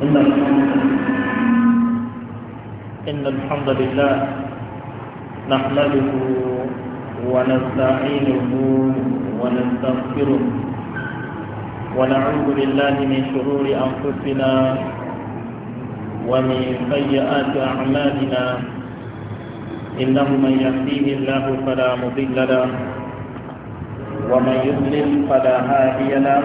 إن إن الحمد لله نحمده ونستعينه ونستغفره ونعوذ بالله من شرور أنفسنا ومن سيئات أعمالنا إنه من يهديه الله فلا مضل له ومن يضلل فلا هادي له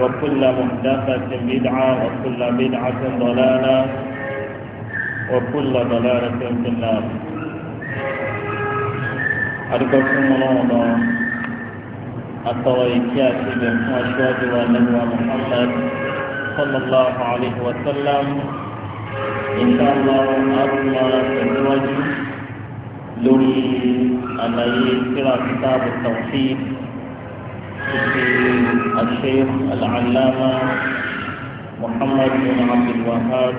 وكل محدثة بدعة وكل بدعة ضلالة وكل ضلالة في النار أرجوكم الله التويكات من أشواج والنبي محمد صلى الله عليه وسلم إن شاء الله أرمى تزوج لوري أن يكرا كتاب التوحيد الشيخ العلامة محمد بن عبد الوهاب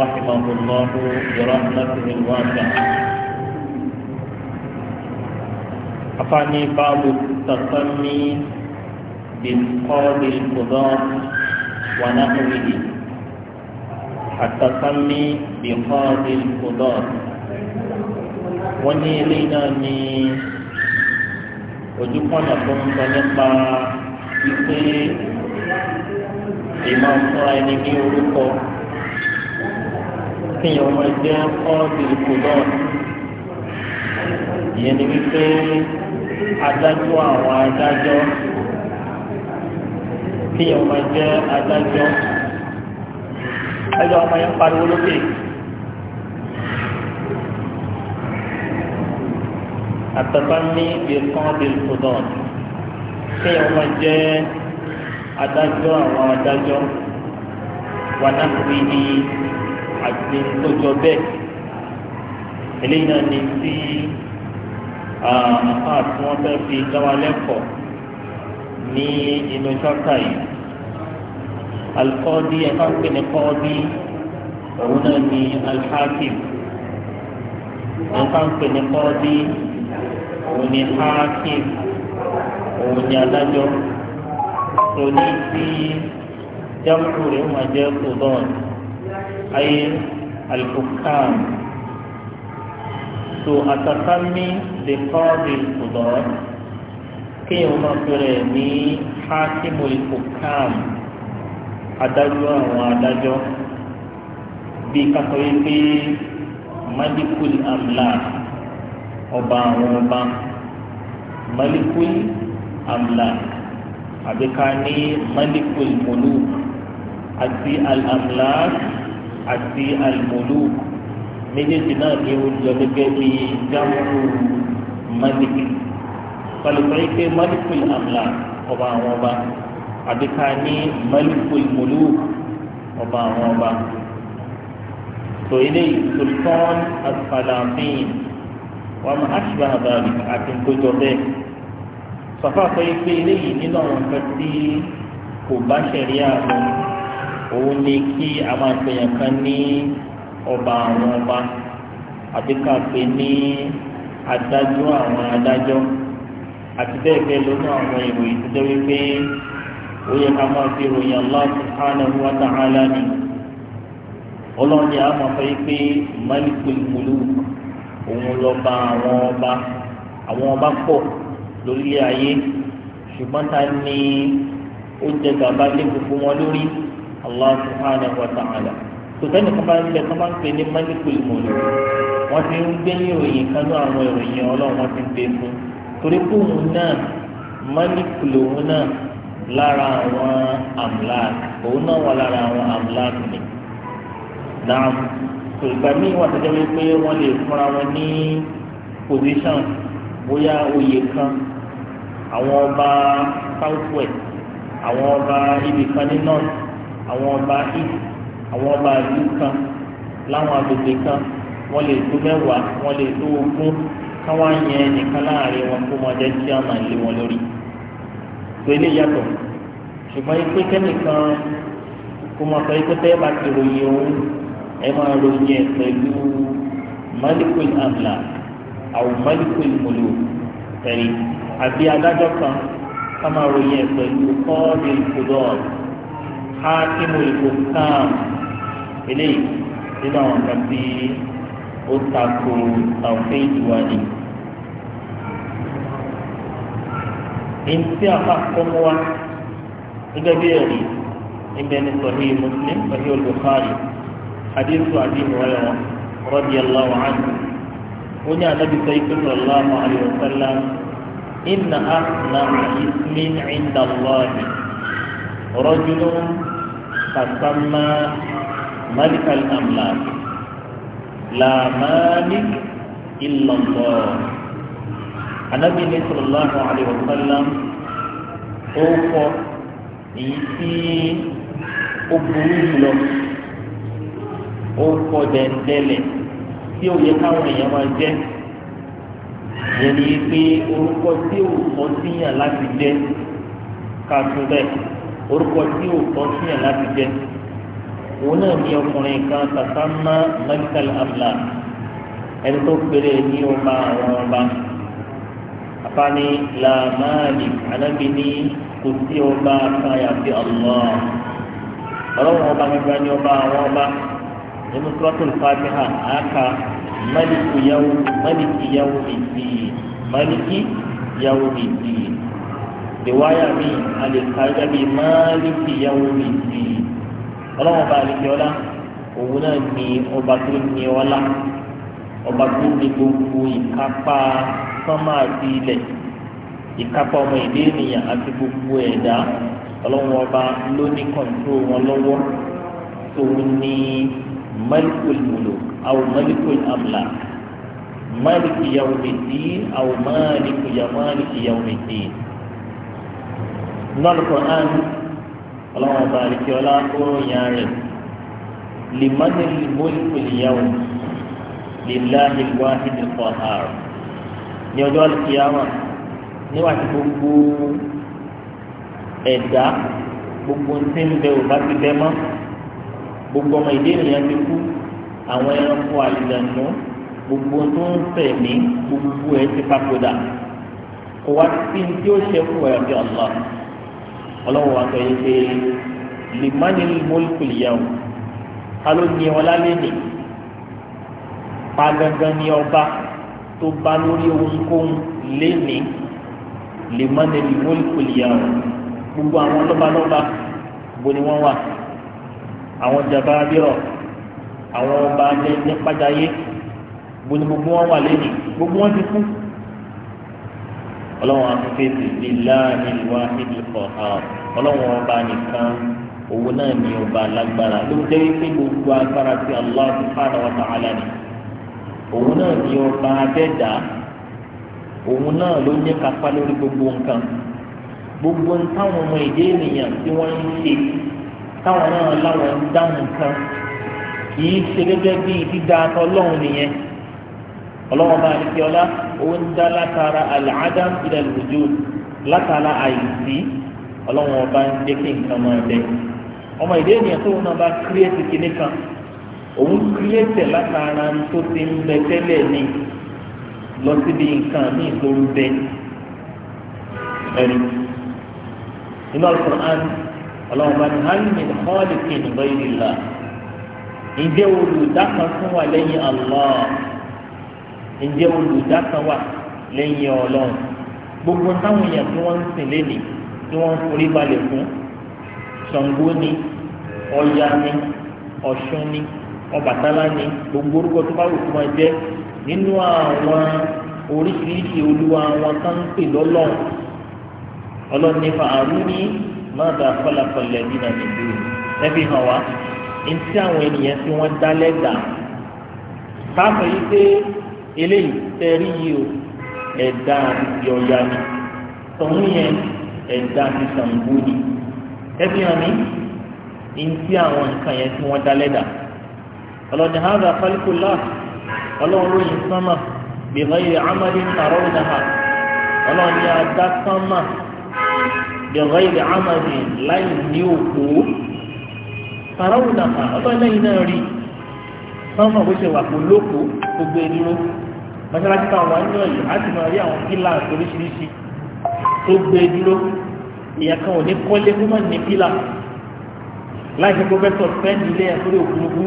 رحمه الله برحمته الواسعة أفعني باب التسمي بالقاضي القضاة ونحوه التسمي بقاضي القضاة وني لنا من ojúkọ̀nà tó ń sọ nípa wípé ìmọ̀ fúnra ẹni ní orúkọ kéèyàn ọmọ ẹgbẹ́ ọ́ọ́dì kòlọ́ọ̀n ìyẹn ni wípé adájọ́ àwọn adájọ́ kéèyàn ọmọ ẹgbẹ́ adájọ́ ẹjọ́ ọmọ yẹn pariwo lókè. àtàbámi bìkan bìkúdọ̀n kéèyàn máa jẹ́ adájọ́ àwọn adájọ́ wànàkùnrin ní àti tójọ bẹ́ẹ̀ eléyìí náà ní sí àpá tí wọ́n fẹ́ fi dáwà lẹ́kọ̀ọ́ ní inú ṣáká yìí alikọ́ọ́dí ẹ̀ka ń pè ní kọ́ọ́dí òun náà ní alhakim ẹ̀ka ń pè ní kọ́ọ́dí òun ni hakim òun ni adájọ́ tó ní tí jábùkù rẹ̀ máa jẹ́ sudan ayé alfukam tó atakami lè kọ́ bí sudan kéèyàn máa fẹ́rẹ̀ ní hakim alfukam adájọ́ àwọn adájọ́ bí kakọ̀ yìí pé madikul amla ọba àwọn ọba malikul amlak àbí ká ní malikul muluk àti al-amlak àti al-muluk méjèèjì náà ni ó jọ gẹ́gẹ́ bí jámù maliki pàlùpàlù pé malikul amlak ọba àwọn ọba àbí ní malikul muluk ọba àwọn ọba. So eléyìí sultan asfalafin wọ́n máa ṣùgbọ́n àbáyé àti nkójọ bẹ́ẹ̀ sọfà sọ yìí pé eléyìí nínú àwọn nǹkan tí kò bá ṣẹ̀rí àwọn òun ni kí àwọn àpèyàn kan ní ọba àwọn ọba àti ká pè ní adájọ́ àwọn adájọ́ àti bẹ́ẹ̀ bẹ́ẹ̀ lónà àwọn ìròyìn tó jẹ́ wípé ó yẹ ká máa fi ròyìn Allah subhanahu wa ta'ala ni ọlọ́run ni a máa fẹ́ pé malikul muluk òun lọ́ba àwọn ọba àwọn ọba pọ̀ lórílẹ̀ ayé ṣùgbọ́n ta ni ó jẹ gàba lé gbogbo wọn lórí Allah subhanahu wa ta'ala tòtẹ́nì kan bá ń bẹ kán bá ń pè ní mẹ́líkùlì mọ̀lẹ́ wọ́n ti ń gbé ìròyìn kan ní àwọn ìròyìn ọlọ́run wọ́n ti ń gbé fún torí pé òun náà mẹ́líkùlì òun náà lára àwọn amlak òun náà wà lára àwọn amlak ni dáhùn tó ìgbà míì wà tẹ́jọ́ wípé wọ́n lè fúnra wọn ní position bóyá oyè kan àwọn ọba south west àwọn ọba ibì kan ní north àwọn ọba east àwọn ọba ìlú kan láwọn agbègbè kan wọ́n lè tó mẹ́wàá wọ́n lè tó ogún káwá yẹn nìkan láàrin wọn kó wọn jẹ́ kí a máa lé wọn lórí tó ilé yàtọ̀ ṣùgbọ́n ipé kẹ́nìkan kó mọ̀ sọ ipé tẹ́ bá ti ròyìn òun ẹ máa ròyìn ẹ̀ pẹ̀lú malikul amla àwọn malikul mulu ẹ̀rí àbí adájọ́ kan ká máa ròyìn ẹ̀ pẹ̀lú kọ́ọ̀dì kudọ́ọ̀ hakimul hukam eléyìí nínú àwọn kan tí ó tako tàwọn ìwádìí. Ntí àpá kọ́mọ́ wa gẹ́gẹ́ bí ẹ̀rí ẹgbẹ́ ní Muslim sọ̀hí Olùkọ́rì hadithu abi hurairah radiyallahu anhu ó ní anabi sayyid sallallahu alayhi wa sallam inna ahna'a ismin inda allahi rajulun tasamma malik al-amlak la malik illa allah anabi ni sallallahu alayhi wa sallam ó kọ èyí tí ó burú jùlọ ó kọ dẹ̀ndẹ̀lẹ̀ tí ó yẹ káwọn èèyàn máa jẹ́ yẹn ni pé orúkọ tí ò tọ́ síyàn láti jẹ́ ká tún bẹ́ẹ̀ orúkọ tí ò tọ́ síyàn láti jẹ́ òun náà ní ọkùnrin kan Tasamma Malikal Amlak ẹni tó péré ní ọba àwọn ọba afáàní làmáàlì alábìíní kò sí ọba káyà sí Allah ọlọ́run ọba gbígbá ní ọba àwọn ọba nínú sọ́tún fatiha àáka mẹ́lìkì yàwó mẹ́lìkì yàwó ìdí mẹ́lìkì yàwó ìdí ìwáyà mi àlèkájá bíi mẹ́lìkì yàwó ìdí ọlọ́wọ́n bá àlejò ọlá òun náà ní ọba tó ní ọlá ọba tó ní gbogbo ìkápá sánmà àti ilẹ̀ ìkápá ọmọ ìdí ènìyàn àti gbogbo ẹ̀dá ọlọ́wọ́n ọba ló kọ̀ǹtró wọn lọ́wọ́ tòun ní. ملك الملوك أو ملك الأملاك ملك يوم الدين أو مالك مالك يوم الدين نقول القرآن اللهم بارك ولا يا لمن الملك اليوم لله الواحد القهار ní ọjọ́ alìkìyàmà níwà tí gbogbo ẹ̀dá gbogbo ń tí ń bẹ ò bá ti bẹ mọ́ gbogbo ọmọ ìdí ènìyàn ti kú àwọn ẹranko àlìlànà gbogbo tó ń tẹ̀lé gbogbo ẹ̀ ti papòdà kò wá sí tí ó ṣe fún ẹ̀ bí ọ̀la ọlọ́wọ́ wa yìí pé limani mọ́lùkù yẹ̀wò alo ní ọlá lẹ́nì pagangan ní ọba tó bá lórí ohunkóhun lẹ́nì limani mọ́lùkù yẹ̀wò gbogbo àwọn lọ́balọ́ba bo ni wọ́n wà àwọn jabaabirọ àwọn ọba ní pàjáyé gbogbo wọn wà lẹ́nu gbogbo wọn ti kú ọlọ́wọ́n afẹ́fẹ́ ti láàyè wá níbi ọ̀hà ọlọ́wọ́n ọba nìkan owó náà ní ọba alágbára ló jẹ́ wípé gbogbo agbára ti Allah subhanahu wa ta'ala ni òun náà ní ọba abẹ́dá òun náà ló ní kápá lórí gbogbo nǹkan gbogbo nǹkan àwọn ọmọ ìdí ènìyàn tí wọ́n ń ṣe táwọn náà láwọn ń dáhùn nǹkan kì í ṣe gẹ́gẹ́ bí dídá ọlọ́run nìyẹn ọlọ́run bá ní kí ọlá òun dá látara al-adam ila al-wujud látara àìsí ọlọ́run ọba ń jẹ́ kí nǹkan máa bẹ ọmọ ìdí ènìyàn tó náà bá kírẹ́tì kìíní kan òun kírẹ́tì látara tó ti ń bẹ tẹ́lẹ̀ ni lọ síbi nǹkan ní ìlú ń ẹ̀rí inú Al-Qur'an ọlọ́run bá ní hàlùmí kọ́ọ̀lì kìnnì bẹ́ẹ̀rì là ǹjẹ́ olùdákan fún wa lẹ́yìn Allah ǹjẹ́ olùdákan wà lẹ́yìn ọlọ́run gbogbo táwọn èèyàn tí wọ́n ń sìn lẹ́nìí tí wọ́n ń forí balẹ̀ fún Ṣàngó ni Ọya ni Ọ̀ṣun ni Ọbàtálá ni gbogbo orúkọ tó bá wù kó máa jẹ́ nínú àwọn oríṣiríṣi olúwa wọn tán ń pè lọ́lọ́run ọlọ́run ní fàárù ní mọ́tà fọlàfọlẹ̀ nínú ìlú ẹbí hàn wá ntí àwọn ènìyàn tí wọ́n dá lẹ́gbà káfọ̀ yìí pé eléyìí tẹ̀rí yìí o ẹ̀dá àti ọ̀yà ni tọ̀hún yẹn ẹ̀dá àti Ṣàngó ni ẹbí hàn mí ntí àwọn nǹkan yẹn tí wọ́n dá lẹ́gbà ọlọ́ni hàdà fálíkùlá ọlọ́run lóyìn sánmà bìbáyé amadi tàrọ́ ìdáhà ọlọ́ni adá sánmà bẹ̀rọ ilẹ̀ amadi láì ní òkú farawù nàfà ọlọ́run lẹ́yìn náà rí sọ́mọ bó ṣe wà kó lóko gbogbo ẹdúró mọ́ṣáláṣí táwọn wà nínú ọ̀yọ́ á ti máa rí àwọn pílà oríṣiríṣi tó gbé dúró ìyẹn kan ò ní kọ́lé kó má pílà láì ṣe pọ́fẹ́sọ̀ fẹ́ẹ̀dì ilé ẹ̀ sórí òkúrukú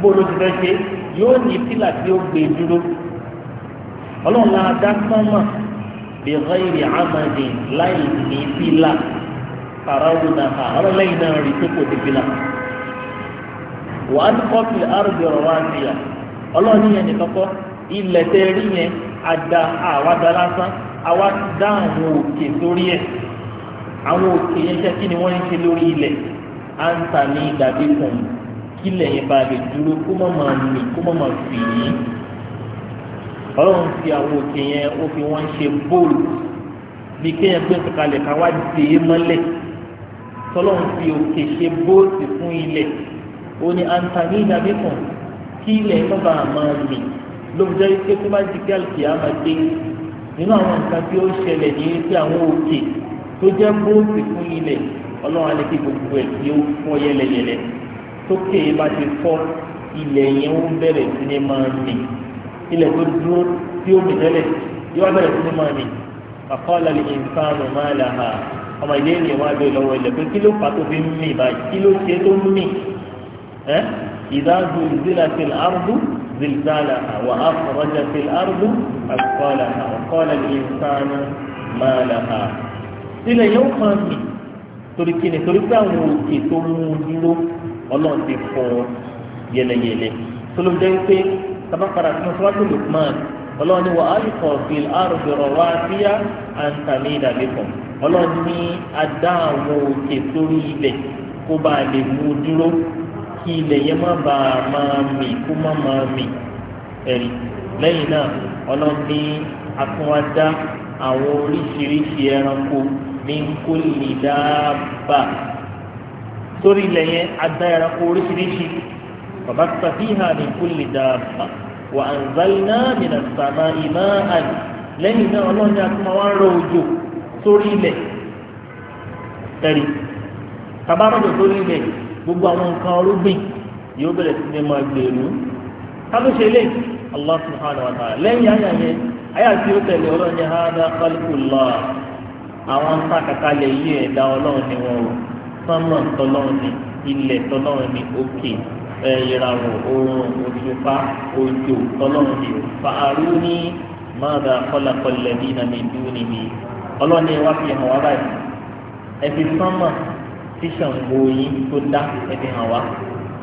bó ló ti fẹ́ ṣe yóò ní pílà tí ó gbé dúró ọlọ́run bí ghayri amadin láì ní fílà fàràwù náà àwọn lẹ́yìn náà rí tó kò ní fílà. wàá ní kọ́pì arúgbó ọ̀rọ̀ wá sí ya ọlọ́ọ̀ni yẹn nìkan kọ́ ilẹ̀ tẹ́ rí yẹn ada àwa da lásán àwa dá àwọn òkè sórí ẹ̀ àwọn òkè yẹn ṣe kí ni wọ́n ń ṣe lórí ilẹ̀ à ń ta ní ìdàbí kan kílẹ̀ yẹn bá lè dúró kó má máa mì kó má máa fì yìí ọlọ́run fi àwọn òkè yẹn ó fi wọ́n ṣe bóòlù bí kéèyàn gbé ìtàkalẹ̀ ká wá dè é mọ́lẹ̀ tọ́lọ́run fi òkè ṣe bóòlù fún ilẹ̀ ó ní antani dàbí kan kí ilẹ̀ tó bá máa mì ló ń jẹ́ pé tó bá di gáàlì àmà dé nínú àwọn nǹkan tí ó ṣẹlẹ̀ ní ti àwọn òkè tó jẹ́ bóòlù fún ilẹ̀ ọlọ́run alẹ́ kí gbogbo ẹ̀ tí ó fọ́ yẹlẹyẹlẹ tó bá ti fọ́ ilẹ̀ yẹn ó bẹ̀rẹ̀ sí ní máa mì ilẹ̀ tó dúró tí ó bìtẹ́lẹ̀ yóò bẹ̀rẹ̀ sí ní máa ní àkọọ́lẹ̀ lè nǹkan ọ̀nà máa là á ọmọ ilé ènìyàn wá bẹ̀rẹ̀ lọ́wọ́ ilẹ̀ pé kí ló fà tó fi ń mì báyìí kí ló ṣe tó ń mì ẹ́ ìdájú zilatil ardu zilzalaha wa akhrajatil ardu àkọọ́lẹ̀ àkọọ́lẹ̀ lè nǹkan máa là á ilẹ̀ yóò kàn mì torí kí ni torí pé àwọn òkè tó mú sábà padà sínú síwájú Lukman ọlọ́run ni wà á lè kọ̀ fi àrùbí rọ̀wá síyá àǹtàmì ìdàlẹ́kọ̀ ọlọ́run ní adá àwọn òkè sórí ilẹ̀ kó bá lè mú dúró kí ilẹ̀ yẹn má bàa máa mì kó má máa mì ẹ̀rí lẹ́yìn náà ọlọ́run ní akúnwádá àwọn oríṣiríṣi ẹranko ní kó lè dáàbà sórí ilẹ̀ yẹn adá ẹranko oríṣiríṣi. فبث فيها من كل دابة وأنزلنا من السماء ماء lẹ́yìn náà ọlọ́run ní akúmọ̀ wá ń rọ òjò sórí ilẹ̀ tẹ̀lé tabárọ̀jọ̀ sórí ilẹ̀ gbogbo àwọn nǹkan ọlọ́gbìn yóò bẹ̀rẹ̀ sí ní máa gbèrú kábíyèsí lè Allah subhanahu wa ta'ala lẹ́yìn àyà yẹn àyà tí ó tẹ̀lé ọlọ́run ní hada khalqullah àwọn ń ta kàkà lẹ̀ yí ẹ̀dá ọlọ́run ni wọn o sánmọ̀ tọ́lọ́run ni ilẹ̀ tọ́lọ́run ni òkè ìràwọ̀ oorun òṣùpá òjò ọlọ́run ni fàárù ní mọ́dà kọ́lákọ́lẹ̀ bí iná mi dúró níbi ọlọ́run ni wá fi hàn wá báyìí ẹ fi sánmà tí Ṣàngó yín tó dá ẹ fi hàn wá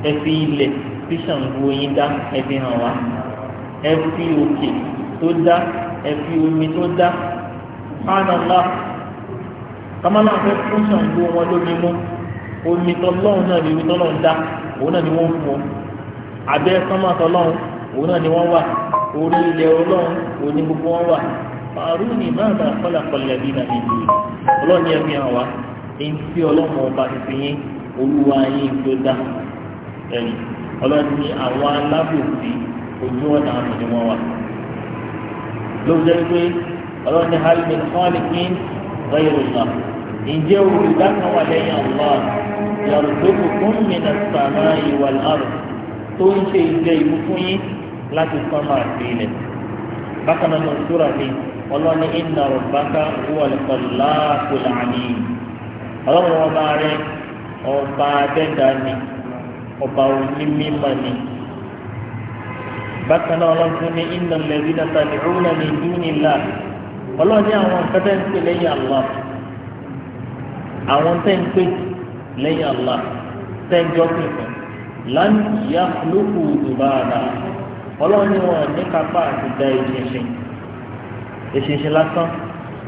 ẹ fi ilẹ̀ tí Ṣàngó yín dá ẹ hàn wá ẹ òkè tó dá ẹ omi tó dá hàn án fẹ́ fún Ṣàngó wọn lómi mú omi tọlọ́run náà ni omi tọlọ́run dá òun náà ni wọ́n fún ọ abẹ́ sánmà tọlọ́run òun náà ni wọ́n wà orí ilẹ̀ ọlọ́run òun ni gbogbo wọn wà àrùn ní ìbáàdà kọlàkọlẹ̀ bí nàbí ìlú ọlọ́run yẹn fi hàn wá èyí tí ọlọ́run ọba ti fi yín olúwa yín tó dá ẹ̀yìn ọlọ́run ní àwọn alábòsí ojú ọ̀nà àmì ni wọ́n wà lóòótọ́ pé ọlọ́run ní hálí ní kọ́ọ̀lì kí ń rẹ́ ìròyìn náà ǹjẹ́ olùdákan wà lẹ́yìn Allah yàrùdókò fún mìíràn sàmà ìwà lárùn tó ń ṣe ìjẹ ìlú fún yín láti sánmà àti ilẹ̀ bákan náà ní sùúrà mi ọlọ́ni inna rabbaka huwa al-khallaqul alim ọlọ́run ọba rẹ ọba adẹ́dá ni ọba onímọ̀ ni bákan náà ọlọ́run ní innal ladhina tad'una min dunillah ọlọ́ni àwọn kẹ́tẹ́ ń pè lẹ́yìn àwọn tẹ́ ń pè lẹ́yìn Allah tẹ́ ń jọ́ pè fún lan yakhluqu dubana ọlọ́run ni wọn ní kápá àti da ìṣinṣin ìṣinṣin lásán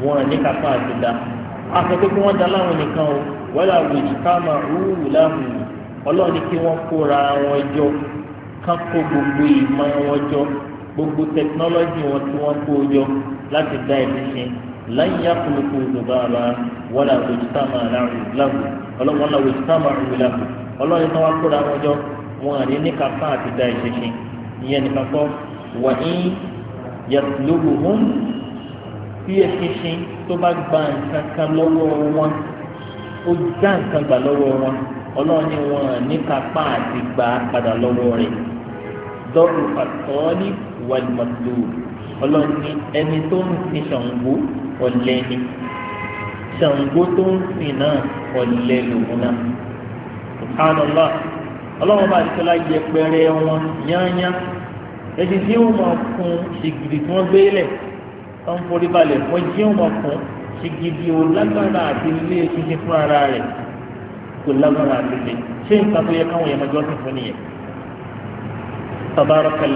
wọn ní kápá àti da afẹ́pẹ́ kí wọ́n da láwọn nìkan o wala wujtama rúù láhùn ọlọ́run ni kí wọ́n kóra wọn jọ kán kó gbogbo ìmọ̀ wọn jọ gbogbo tẹkinọ́lọ́jì wọn tí wọ́n kó jọ láti da ìṣinṣin lan yakhluqu dhubaba wala wòjútàmà láwù ọlọ́wọ́n lọ wòjútàmà ìwìlàwù ọlọ́yìn náà wá kóra wọn jọ wọn àrí ní kápá àti dá ìṣẹṣin ìyẹn nìkan kọ́ wà ní yàtúlógù hún bí ẹṣinṣin tó bá gba nǹkan kan lọ́wọ́ wọn ó já nǹkan gbà lọ́wọ́ wọn ọlọ́run ni wọn ní kápá àti gbà padà lọ́wọ́ rẹ̀ dọ́rù àtọ́ọ́lì ọlọ́run ní ẹni tó ń sin ṣàǹgó ọ̀lẹ́ ni ṣàǹgó tó ń sin náà ọ̀lẹ́ lòun náà subhanallah ọlọ́run bá ṣọlá yẹ pẹrẹ wọn yányá ẹni tí ó máa kun ṣìgìdì tí wọ́n gbé lẹ̀ tó ń forí balẹ̀ wọ́n jí ó máa kun ṣìgìdì ò lágbára àti ilé ṣíṣe fún ara rẹ̀ kò lágbára àti ilé ṣé nǹkan tó yẹ káwọn yẹn máa jọ́sìn fún nìyẹn. tabarakal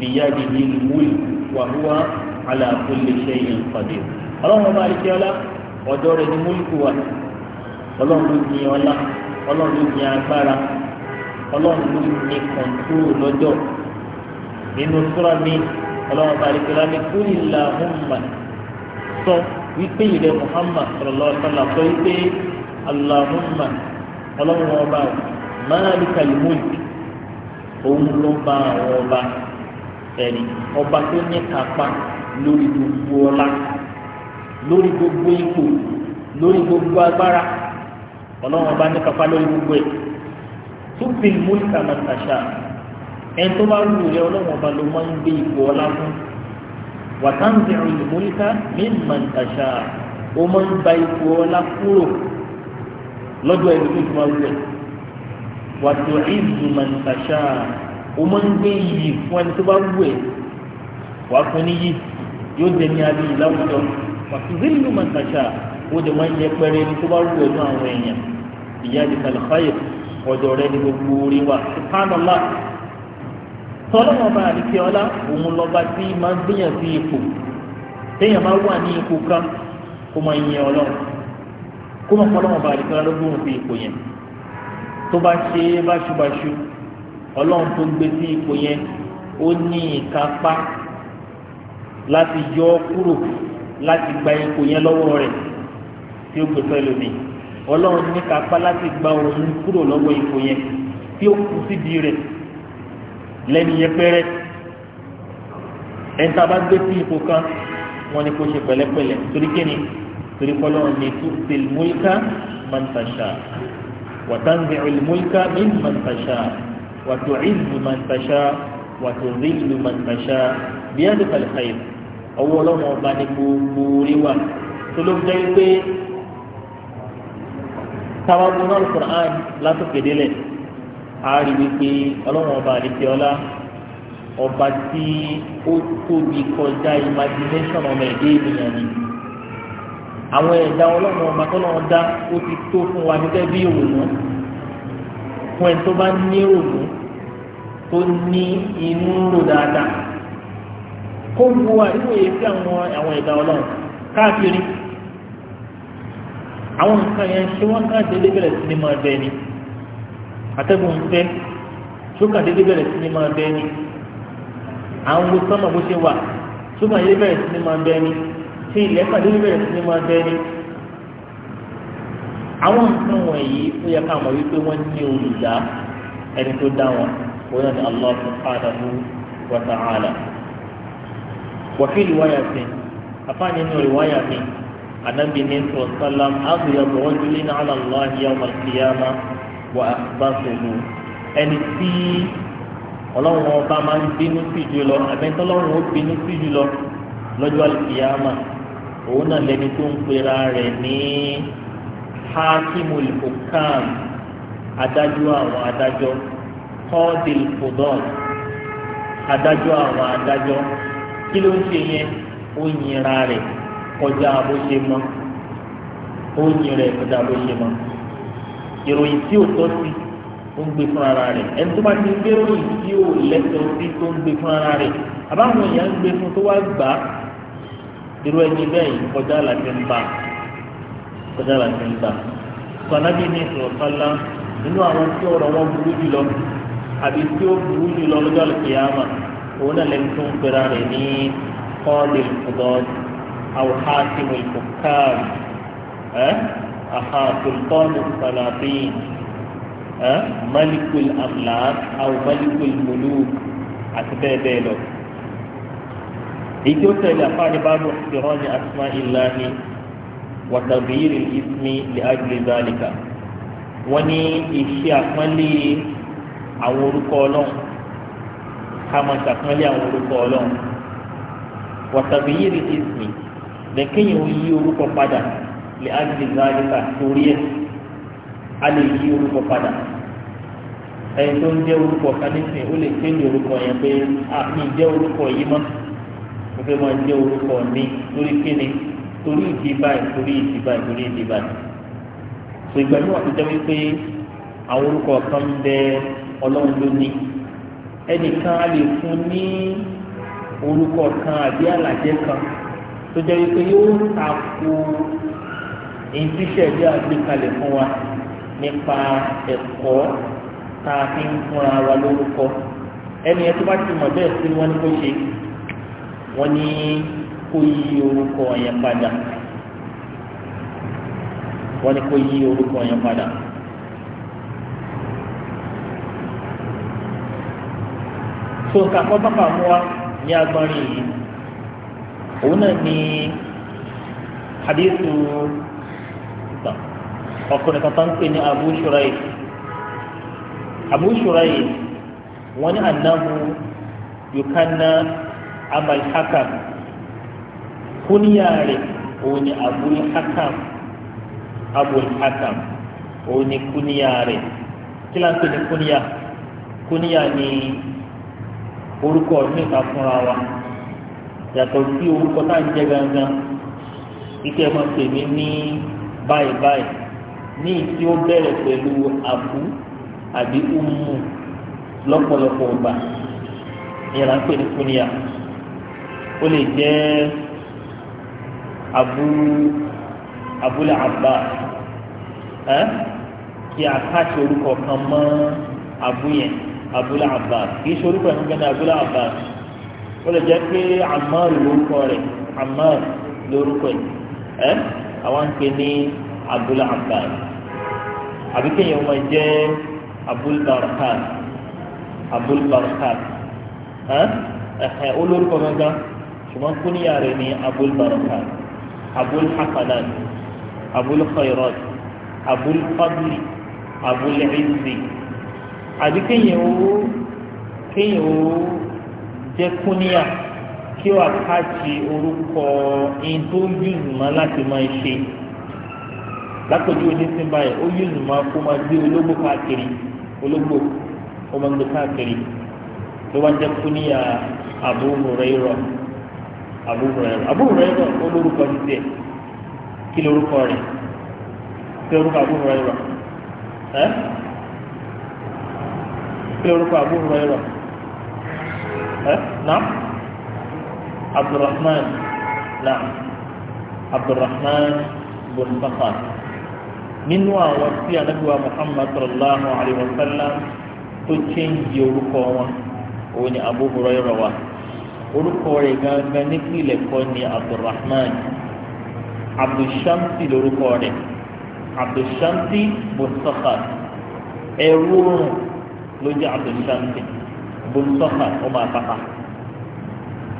بيده الملك وهو على كل شيء قدير اللهم بارك لنا ودور الملك wa ọlọ́run ló ní ọlá ọlọ́run ló ní agbára ọlọ́run ló ní kọ̀ǹtúrò lọ́jọ́ nínú súra mi ọlọ́run bàrẹ̀kẹ́ lámì kúrì làhùnmà sọ wípé ìrẹ Muhammad sallallahu alaihi wasallam sọ wípé Allahumma ọlọ́run ọba máa ní kalimọ́lì òun ló bá àwọn ọba ẹ̀rí ọba tó ní kápá lórí gbogbo ọlá lórí gbogbo ipò lórí gbogbo agbára ọlọ́run ọba ní kápá lórí gbogbo ẹ̀ túbí múlíkà máa tàṣà ẹni tó bá wù rẹ ọlọ́run ọba ló máa ń gbé ipò ọlá fún wàtáǹdì ìlú múlíkà mímú máa tàṣà ó máa ń gba ipò ọlá kúrò lọ́dọ̀ ẹni tó ti máa wù rẹ wàtò ìlú máa o máa ń gbé iyì fún ẹni tó bá wù ẹ́ wàá fún ní yìí yóò dé ní abiyì láwùjọ pàtùzí ló máa tàṣà ó dẹ̀ máa ń yẹ ẹni tó bá wù ẹ́ ní àwọn èèyàn ìyá di kàlùfáyè ọ̀dọ̀ rẹ ni gbogbo orí wa subhanallah tọ́lọ́mọ bá àdìsí ọlá òun lọ́ba tí máa ń gbìyàn sí ipò téèyàn máa wà ní ipò kan kó máa yin ọlọ́run kó máa pọ́lọ́mọ bá àdìsí ọlá ló gbóhùn sí ipò yẹn tó bá ṣe é báṣubàṣu ọlọ́run tó gbé sí ipò yẹn ó ní ìkápá láti yọ ọ́ kúrò láti gba ipò yẹn lọ́wọ́ rẹ̀ tí ó gbé fẹ́ lómi ọlọ́run ní kápá láti gba òun kúrò lọ́wọ́ ipò yẹn tí ó kù síbi rẹ̀ lẹ́nu yẹn pẹ́rẹ́ ẹ̀ńtà bá gbé sí ipò kan wọ́n ní kó ṣe pẹ̀lẹ́pẹ̀lẹ́ torí kíni torí kọ́lọ́run ní tó ṣe múlíkà máa ń tàṣà wàtá ń bẹ̀rẹ̀ múlíkà ní máa ń tàṣà. وتعز من تشاء وتذل من تشاء بيدك الخير ọwọ́ ọlọ́run ọba ní gbogbo orí wa tó ló jẹ́ pé táwọn náà Qur'an látòkè délẹ̀ a rí wípé ọlọ́run ọba àdìsí ọlá ọba tí ó tóbi kọjá imagination ọmọ ẹ̀dẹ́ ènìyàn ni àwọn ẹ̀dá ọlọ́run ọba tó lọ́wọ́ dá ó ti tó fún wa gẹ́gẹ́ bí òun náà. fún ẹni tó bá ní òòlù tó ní inú rò dáadáa kó wu àdúgbò yìí sí àwọn àwọn ẹ̀dá ọlọ́run káàkiri àwọn nǹkan yẹn ṣé wọ́n ká dédé bẹ̀rẹ̀ sí ni máa bẹ ni atẹ́gùn fẹ́ ṣókà dédé bẹ̀rẹ̀ sí ni máa bẹ ni àwọn wo bó ṣe wà ṣókà àwọn nǹkan wọ̀nyí ó yẹ ká mọ̀ wípé wọ́n ní olùdá ẹni tó dá wọn wọ́n yàn ní Allah subhanahu wa ta'ala wàfíì ìwáyà sí afáàní nínú ìwáyà mi anabi ní sọ sálám abuyabu rọjòlí ní aláàlá yawm al-qiyamah wà àbáṣọlù ẹni tí ọlọ́run ọba máa ń bínú sí jùlọ àbẹ́ntẹ́ ọlọ́run ó bínú sí jùlọ lọ́jọ́ al òun náà lẹni tó ń pera rẹ̀ ní hakimul hukam adájọ́ àwọn adájọ́ kọ́ọ̀dìl kudọ́n adájọ́ àwọn adájọ́ kí ló ń ṣe yẹn ó yinra rẹ̀ kọjá bó ṣe mọ́ ó yin rẹ̀ kọjá bó ṣe mọ́ ìròyìn tí ò tọ́ sí ó ń gbé fún ara rẹ̀ ẹni tó bá ti gbé ròyìn tí ò lẹ́tọ̀ọ́ sí tó ń gbé fún ara rẹ̀ àbáwọn èèyàn ń gbé fún tó wá gbà á irú ẹni bẹ́ẹ̀ kọjá làti ń bá a kọjá wà sí ìgbà sọ̀nàbí ní ìṣòro nínú àwọn tí ọ̀rọ̀ wọn burú jùlọ àbí tí ó burú jùlọ lọ́jọ́ àlùkìyàmà òun náà lẹ́nu tó ń pera rẹ̀ ní kọ́ọ̀lì ìfọ̀dọ́d àwòhásìmù ìfọ̀káàrì ẹ́ àhàtúntọ́nù sàlàfíìn ẹ́ málìkùl amlak àwọn málìkùl muluk àti bẹ́ẹ̀ bẹ́ẹ̀ lọ. èyí tí ó bá lọ sí ìrọ́ni wàtàbíyìrì ìsinmi lè ájúlé zálìkà wọ́n ní ìṣe àpọ́nlé àwọn orúkọ ọlọ́run ká máa ṣàpọ́nlé àwọn orúkọ ọlọ́run wàtàbíyìrì ìsinmi lẹ́kẹ́yìn òun yí orúkọ padà lè ájúlé zálìkà torí ẹ̀ a ẹni tó ń jẹ́ orúkọ kan ó lè kéde orúkọ yẹn pé àmì ah, jẹ́ orúkọ yìí mọ́ mo fẹ́ máa jẹ́ orúkọ mi lórí kíni torí ìdí báyìí torí ìdí báyìí torí ìdí báyìí so ìgbà mi wà tó jẹ́ wípé àwọn orúkọ kan bẹ ọlọ́run ló ní ẹnìkan a lè fún ní orúkọ kan àbí àlàjẹ kan tó jẹ́ wípé yóò tako ìdíṣẹ́ bí àgbékalẹ̀ fún wa nípa ẹ̀kọ́ tá a fi ń fúnra wa lórúkọ ẹni ẹ tó bá ti mọ̀ bẹ́ẹ̀ sí wọn ní kó ṣe wọ́n ní kó yí orúkọ yẹn padà wọ́n ní kó yí orúkọ yẹn padà. tó kakọ́ bàbá mu wa ní agbọ́nrin yìí òun náà ní hadithu ọkùnrin kan tó ń pè ní Abu Shuraih Abu Shuraih wọ́n ní anahu yukanna amal hakam kúníyà rẹ̀ òun abul hakam abul hakam òun ni kúníyà rẹ̀ kí láti ní kúníyà kúníyà ni orúkọ nípa fúnra wa yàtọ̀ sí orúkọ náà ń jẹ́ gangan kíkẹ́ mọ́ tèmi ní báyìí báyìí ní ìtí ó bẹ̀rẹ̀ pẹ̀lú àbú àbí umu lọ́pọ̀lọpọ̀ ọgbà ìyàrá ń pè ní kúníyà ó lè jẹ́ abu abul abbas ẹ eh? kí àtàkì orúkọ kan mọ́ abu yẹn abul abbas kì í ṣe orúkọ yẹn gbẹ́ni abul abbas ó lè jẹ́ pé ammar lórúkọ rẹ̀ ammar lórúkọ yẹn ẹ eh? àwọn ń pè ní abul abbas àbí kéèyàn wọn jẹ́ abul barakat abul barakat ẹ eh? ẹ olórúkọ gangan ṣùgbọ́n kúníyà rẹ̀ ní abul barakat abul hasanat abul khairat abul fadli abul izzi àbí kéèyàn ó kéèyàn ó jẹ́ kúníyà kí wàá káàkiri orúkọ ẹni tó ń bí ìzùmọ̀ láti máa ṣe lápẹjù onísìn báyìí ó yí ìzùmọ̀ kó máa gbé ológbò káàkiri ológbò ó máa ń gbé káàkiri ló wá jẹ́ kúníyà Abu Hurairah àbúrò rẹ̀ àbúrò rẹ̀ náà ó lórúkọ ní tiẹ̀ kí lórúkọ rẹ̀ kí lórúkọ àbúrò rẹ̀ rọ̀ ẹ́ kí lórúkọ àbúrò rẹ̀ rọ̀ ẹ́ náà Abdulrahman náà Abdulrahman bùn bàtà nínú àwọn tí anábíwá Muhammad sallallahu alayhi wa sallam tó chẹ́ǹjì orúkọ wọn òun ni Abu Hurairah wa orúkọ rẹ̀ gangan nípìnlẹ̀ kọ́ ni abdulrahman abdulshamsi lorúkọ rẹ̀ abdulshamsi bùsọ́kà ẹrú oòrùn ló jẹ́ abdulshamsi bùsọ́kà ọmọ àpapà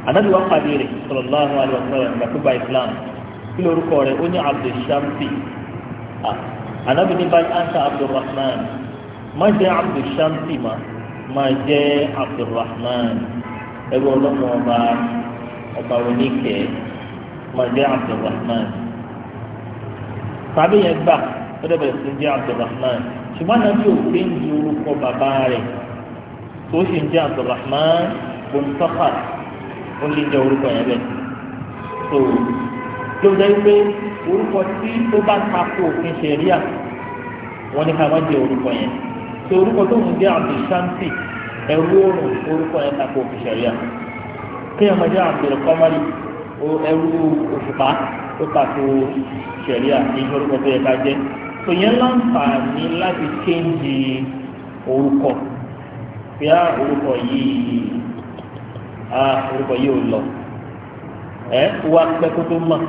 anabi wa pàdé rẹ̀ sallallahu alaihi wasallam gbàgbà islam kí lorúkọ rẹ̀ ó ní abdulshamsi anabi ní báyìí anta abdulrahman má jẹ́ abdulshamsi má má jẹ́ abdulrahman ẹgbẹ́ ọlọ́mọ ọba ọba oníkẹ́ mọ̀jẹ́ abdulrahman tàbí yẹn gbà ó dẹ̀bẹ̀ sí jẹ́ abdulrahman ṣùgbọ́n náà bí òfin ń di orúkọ bàbá rẹ̀ tó sì ń jẹ́ abdulrahman bonifafat ó lè jẹ́ orúkọ yẹn bẹ́ẹ̀ tó ló dẹ́ pé orúkọ tí ó bá tako òfin ṣẹ̀ríà wọ́n ní ká wọ́n jẹ́ orúkọ yẹn tó orúkọ tó ń jẹ́ abdulshamsi ẹrú òrùn orúkọ yẹn tako òfìṣẹ̀ríà kéèyàn máa jẹ́ àbẹ̀rẹ̀ kọ́mọ́lì ẹrú òṣùpá ó tako ṣẹ̀ríà ní orúkọ tó yẹ ká jẹ́ tó yẹn láǹfààní láti kéńjì orúkọ pé á ah, orúkọ yìí á ah, orúkọ yìí ò lọ ẹ wá pẹ́ kó tó mọ̀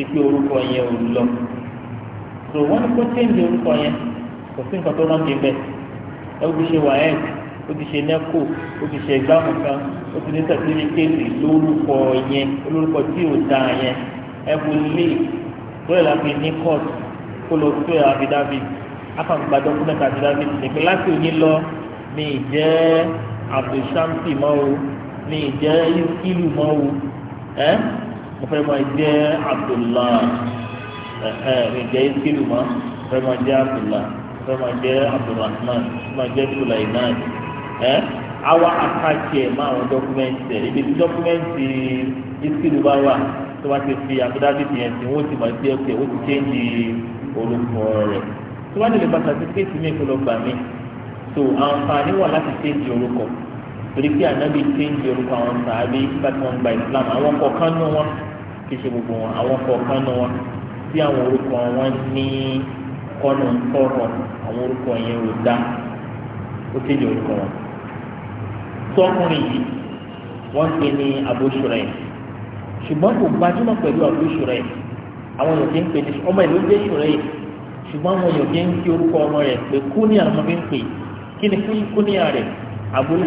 ipe orúkọ yẹn ò lọ tó wọ́n ní kó kéńjì orúkọ yẹn kò sí nǹkan tó rántí bẹ́ẹ̀ ẹ wọ́n fi ṣe wàhálà ó ti ṣe nẹ́kò ó ti ṣe ẹgbàmù kan ó ti ní sàtífíkẹ́tì lórúkọ yẹn lórúkọ tí ò dáa yẹn ẹ̀bùn lè lóyè láti ní court kó lọ sí affidavit afàgbà document affidavit nìkan láti òní lọ mi jẹ́ abdulshamsi mọ́ o mi jẹ́ ilu mọ́ o ẹ́ mo fẹ́ mọ jẹ́ abdullahi ẹ̀ mi jẹ́ ilu mọ́ mo fẹ́ mọ jẹ́ abdullahi mo fẹ́ mọ jẹ́ abdulrahman mo fẹ́ mọ jẹ́ sulaiman. Awa àwa àtàkì ẹ̀ mọ́ àwọn dọ́kúmẹ́ǹtì ẹ̀ ibi tí dọ́kúmẹ́ǹtì ìsìlú eh, bá wà tó bá ti fi àbúdábì yẹn sí wọ́n ti mọ̀ sí ti orúkọ tó bá nílò mi lọ so àǹfààní wà láti kéńjì orúkọ torí pé orúkọ àwọn gba àwọn kọ̀ọ̀kan nù wọn kì í ṣe gbogbo wọn àwọn kọ̀ọ̀kan nù wọn tí àwọn orúkọ wọn ní kọ́nù àwọn orúkọ yẹn ò dá tọkùnrin yìí wọ́n ń pè ní abóṣùrẹ̀ ṣùgbọ́n kò gbajúmọ̀ pẹ̀lú abóṣùrẹ̀ àwọn èèyàn ń pè ní ọmọ ìlú dé ṣùrẹ̀ ṣùgbọ́n àwọn èèyàn ń fi orúkọ ọmọ rẹ̀ pé kúníà ọmọ bí ń pè kí ni kúníà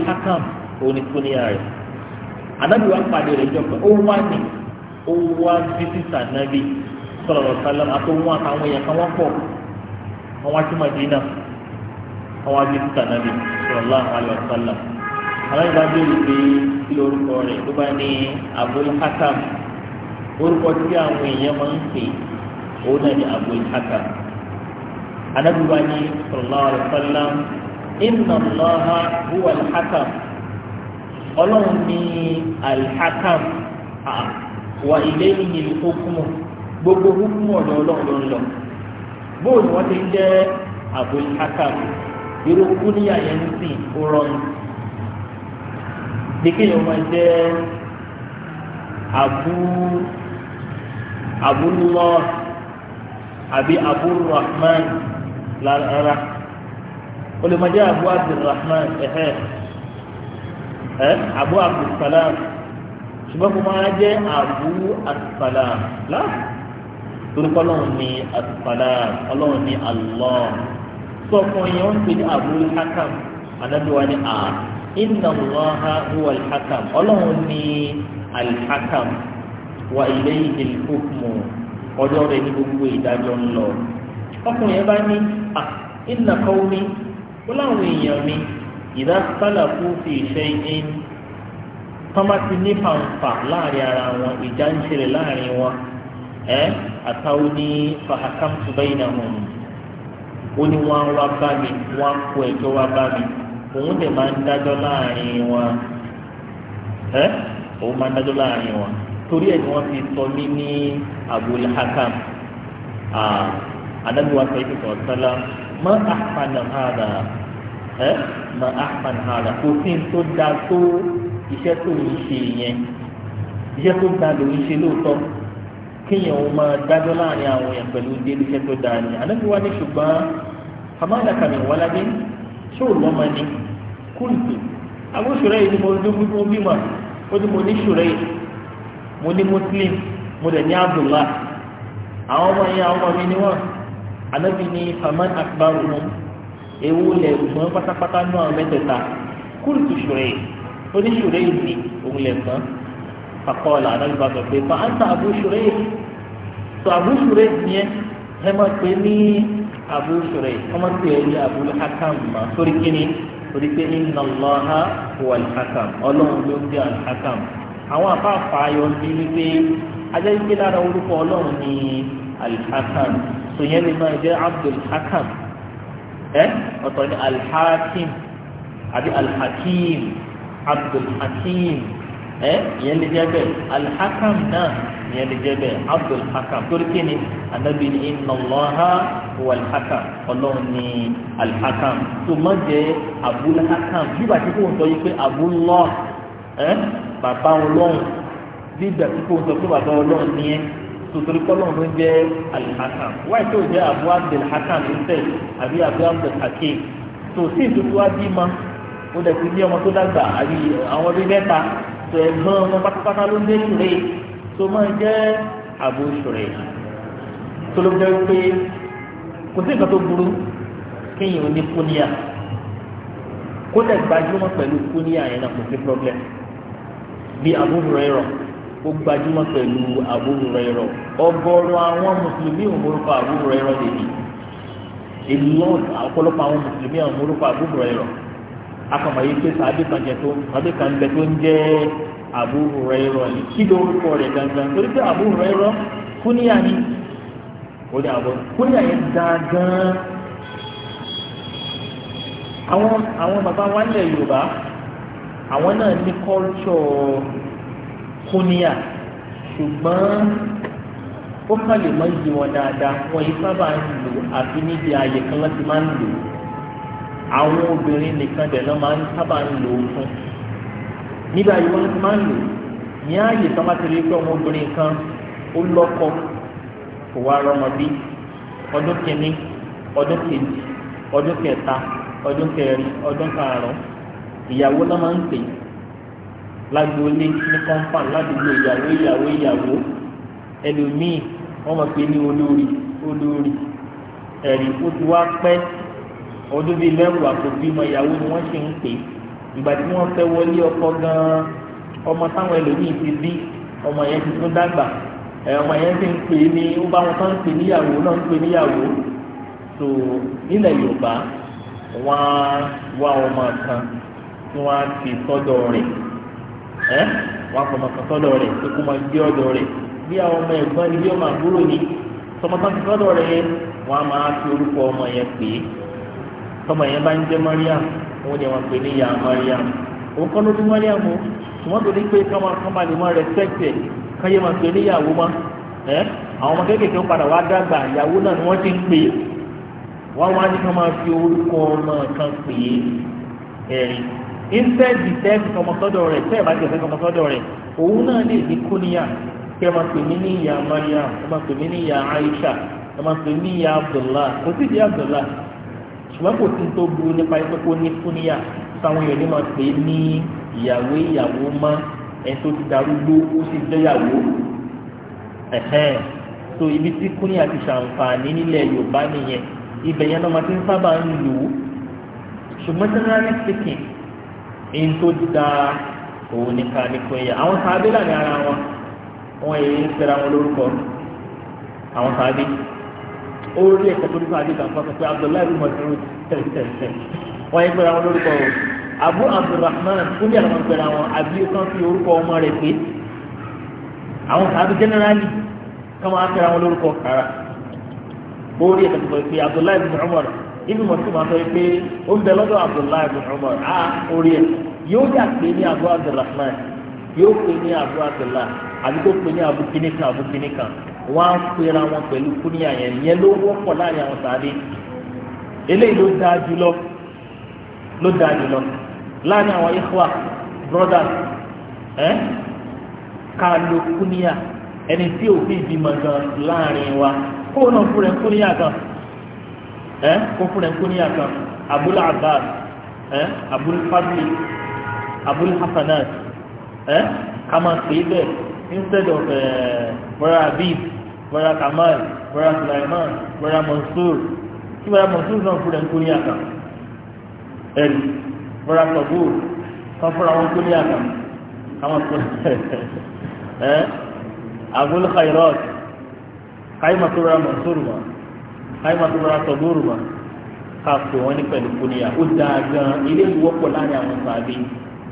hakam anabi wa pàdé rẹ̀ jọ pé ó wá ní ó wá àti òun àtàwọn èèyàn kan àwọn ìgbà béèrè pé kí lórúkọ rẹ̀ ló bá ní abul hakam orúkọ tí àwọn èèyàn máa ń pè òun náà ní abul hakam anábìbá ní sallallahu alaihi wasallam inna allaha huwa alhakam ọlọ́run ní alhakam wa ilayhi alhukmu gbogbo hukumu ọ̀dọ̀ ọlọ́run ló ń lọ bóòlù wọn ti ń jẹ́ abul hakam irú kúníyà yẹn ń sìn ó bí kéèyàn máa jẹ́ abu abúlọ́ àbí abu rahman lára o lè máa jẹ́ abu abdulrahman ẹ̀hẹ́ ẹ̀ abu abdulsalam ṣùgbọ́n kò máa jẹ́ abu asalam láà torúkọ ọlọ́run ní asalam ọlọ́run ní allah sọ fún yẹn ó ń pè abu hakam anábíwá ní ààrẹ inna allaha huwa alḥakam ọlọ́run ní alḥakam wa ilayhi al-hukmu ọjọ́ rẹ̀ ní gbogbo ìdájọ́ ń lọ. ọkùnrin yẹn bá ní à inna qawmi ó láwọn èèyàn mi idha ikhtalafu fi shay'in tọ́mà ti ní fàǹfà láàrin ara wọn ìjà ń ṣẹlẹ̀ láàrin wọn ẹ àtàwọn ní fahakamtu bainahum ó ní wọn wá bá mi wọn kó ẹjọ́ wá bá mi òun lè máa ń dájọ́ láàrin wọn ẹ́ òun máa ń dájọ́ láàrin wọn torí ẹ̀ ni wọ́n fi sọ mí ní Abul Hakam anábíwá sọ yìí sọ̀rọ̀ sọ́lá mọ́ àpàdà hàdà ẹ́ mọ́ àpàdà hàdà kò sí ní tó da tó iṣẹ́ tó ń ṣe yẹn iṣẹ́ tó da ló ń ṣe lóòótọ́ kéèyàn ó máa dájọ́ láàrin àwọn èèyàn pẹ̀lú délé iṣẹ́ tó da ni anábíwá ní ṣùgbọ́n àmàlà kàmì wọ́ládé ṣé ò lọ́mọ ni kúlùkù àwọn ṣùrẹ́ yìí ni mo dúró mo bímọ ó ní mo ní ṣùrẹ́ yìí mo ní muslim mo dẹ̀ ní abdullah àwọn ọmọ yẹn àwọn ọmọ mi ni wọ́n anabi ni faman akbar mu ewu lẹ̀ gbọ́n pátápátá nù àwọn mẹ́tẹ̀ẹ̀ta kúlùkù ṣùrẹ́ yìí ó ní ṣùrẹ́ yìí ni òun lẹ̀ gbọ́n fakọ́ọ̀lá anabi bá sọ pé fa anta abu ṣùrẹ́ yìí tó abu yìí yẹn ẹ abu ṣùrẹ̀ ọmọ tí ẹ ní abu hakam ma torí kíni torí pé inna Allaha huwa al-hakam ọlọ́run ló ń jẹ́ al-hakam àwọn afáàfà ayọ ní wípé ajẹ́ wípé lára orúkọ ọlọ́run ní al-hakam sòyẹn lè máa jẹ́ abdul hakam ẹ ọ̀tọ̀ ní al-hakim àbí al-hakim abdul hakim ẹ ìyẹn lè jẹ́ bẹ́ẹ̀ al-hakam náà ìyẹn lè jẹ́ bẹ́ẹ̀ abdul hakam torí kí ni anabi ni inna allaha huwa alhakam ọlọ́run ni alhakam tó má jẹ́ abul hakam bíbà tí kò ń sọ yìí pé abulọ ẹ bàbá ọlọ́run bíbà tí kò ń sọ pé bàbá ọlọ́run ni ẹ sotori kọlọn ló jẹ́ alhakam wáyé tó jẹ́ abu abdul hakam ṣe àbí abu abdul hakim tó sí ìdúró wá bí ma ó dẹ̀ ti ní ọmọ tó dàgbà àbí àwọn ọdún mẹ́ta tó ẹ̀gbọ́n ọmọ pátápátá ló ń dé ìrè tó máa jẹ́ Abu Shuraih tó ló jẹ́ pé kò sí nǹkan tó burú kéèyàn ní kúníà kó dẹ̀ gbajúmọ̀ pẹ̀lú kúníà yẹn náà kò sí problem bí Abu Hurairah ó gbajúmọ̀ pẹ̀lú Abu Hurairah ọgọ́rùn àwọn mùsùlùmí ò mórúkọ Abu Hurairah lèmi èmi wọn ọ̀pọ̀lọpọ̀ àwọn mùsùlùmí ò mórúkọ Abu Hurairah akọ̀mọ̀ yìí pé sàbí kan jẹ kan bẹ Abu Hurairah ni kí ló orúkọ rẹ̀ gangan torí pé Abu Hurairah kúníyà ni ó ní àbọ̀ kúníyà yẹn dáadáa àwọn àwọn bàbá wa ń lẹ̀ Yorùbá àwọn náà ní kọ́ńtọ̀ kúníyà ṣùgbọ́n ó kàn lè mọ ìdí wọn dáadáa wọn yìí sábà ń lò àfi níbi ààyè kan láti máa ń lò àwọn obìnrin nìkan dẹ̀ náà máa ń sábà ń lò ó fún nígbà yìí wọ́n máa ń lò ní ààyè tó máa ti rí pé ọmọbìnrin kan ó lọ́kọ kò wá rọmọ bí ọdún kìíní ọdún kejì ọdún kẹta ọdún kẹrin ọdún karùn-ún ìyàwó náà máa ń pè lágboolé ní kọ́ńpán ládùúgbò ìyàwó ìyàwó ìyàwó ẹlòmíì wọ́n máa pè ní olórí olórí ẹ̀rí ó ti wá pẹ́ ọdún bíi mẹ́wàá kò bímọ ìyàwó ni wọ́n ṣe ń pè é ìgbà tí wọ́n fẹ́ wọlé ọkọ gan-an ọmọ táwọn ẹlòmíì ti bí ọmọ yẹn ti tún dàgbà ọmọ yẹn ti ń pè ní ó bá wọn tán ń pè níyàwó náà ń pè níyàwó tó nílẹ̀ Yorùbá wọ́n á wá ọmọ kan tí wọ́n á fi sọ́dọ̀ rẹ̀ ẹ́ wọ́n á fọmọ kan sọ́dọ̀ rẹ̀ tó kó máa gbé ọ̀dọ̀ rẹ̀ bí àwọn ọmọ ẹ̀gbọ́n ni bí ọmọ àbúrò ni tọmọtàn ti sọ́dọ̀ rẹ̀ yẹn wọ́n á máa fi orúkọ ọmọ yẹn pè é tọmọ yẹn bá ń jẹ́ Mariam wọ́n jẹ́ wọn pè ní ìyá Mariam òun kọ́ ló ní Mariam o wọ́n tó ní pé kọ́mọ kọ́mọ lè mọ rẹ́sẹ̀tẹ̀ káyé wọn pè ní ìyàwó mọ́ ẹ́ àwọn ọmọ kéékèèké padà wá dàgbà ìyàwó náà ni wọ́n ti ń pè é wọ́n wá ní kí wọ́n máa fi orúkọ ọmọ kan pè é ẹ̀rí instead the test kọmọsọ́dọ̀ rẹ̀ tẹ́ bá ti kọmọsọ́dọ̀ rẹ̀ òun náà lè ní kúníyà kí ẹ máa pè mí ní ìyá Mariam ẹ máa pè mí ní ìyá Aisha ẹ máa pè mí ní ìyá Abdullah kò sí ìyá Abdullah ṣùgbọ́n kò sí tó burú nípa ẹgbẹ́ kó ní fúníyà táwọn èèyàn ní máa pè é ní ìyàwó ìyàwó mọ́ ẹni tó ti darúgbó ó sì jẹ́yàwó ẹ̀hẹ́n so ibi tí fúníyà ti ṣàǹfààní nílẹ̀ Yorùbá nìyẹn ibẹ̀ yẹn náà máa ti ń sábà ń lò ó ṣùgbọ́n generally speaking ẹni tó ti da òun nípa ní fúníyà àwọn sábẹ́ là ní ara wọn wọn èyí ń pera wọn lórúkọ àwọn sábẹ́ ó rí ẹ̀kọ́ tó nípa àdìgbà fún akẹ́kọ̀ọ́ abdullahi bin masoud tẹ̀sítẹ̀sítẹ̀ wọ́n yẹ pẹ́ra wọn lórúkọ o abu abdulrahman fún bí àwọn pẹ́ra wọn àbí kan fi orúkọ ọmọ rẹ̀ pé àwọn sàbí jẹ́nẹ́rálì kọ́ máa pẹ́ra wọn lórúkọ kára ó rí ẹ̀kọ́ tó pé abdullahi bin umar ibi mọ̀tí máa sọ pé ó ń bẹ lọ́dọ̀ abdullahi bin umar á orí ẹ̀ yóò yà pé ní abu abdulrahman yóò pè ní abu abdullah àbí kó ní abu kìnìkan abu kìnìkan wọ́n á pera wọn pẹ̀lú kúníyà yẹn yẹn ló wọ́pọ̀ láàrin àwọn sáré eléyìí ló dáa jùlọ ló dáa jùlọ láàrin àwọn ikhwa brothers ẹ ká lo kúníyà ẹni tí ò fi ìbímọ gan láàrin wa kó o náà fúnra kúníyà gan ẹ kó fúnra kúníyà gan abul abbas ẹ abul fadli abul hasanat ẹ ká máa instead of eh, bọ́ra abib bọ́ra kamal bọ́ra sulaiman bọ́ra mansour tí bọ́ra mansour náà fúnra ń kó ní àkà ẹ̀rì bọ́ra kabul kan fúnra wọn kó ní àkà àwọn tó ẹ̀ eh? abul khairat kaima tó bọ́ra mansour wọn kaima tó bọ́ra kabul wọn ká pè wọ́n ní pẹ̀lú kó ní àkà ó dáa gan ilé ìwọ́pọ̀ láàrin àwọn sàbí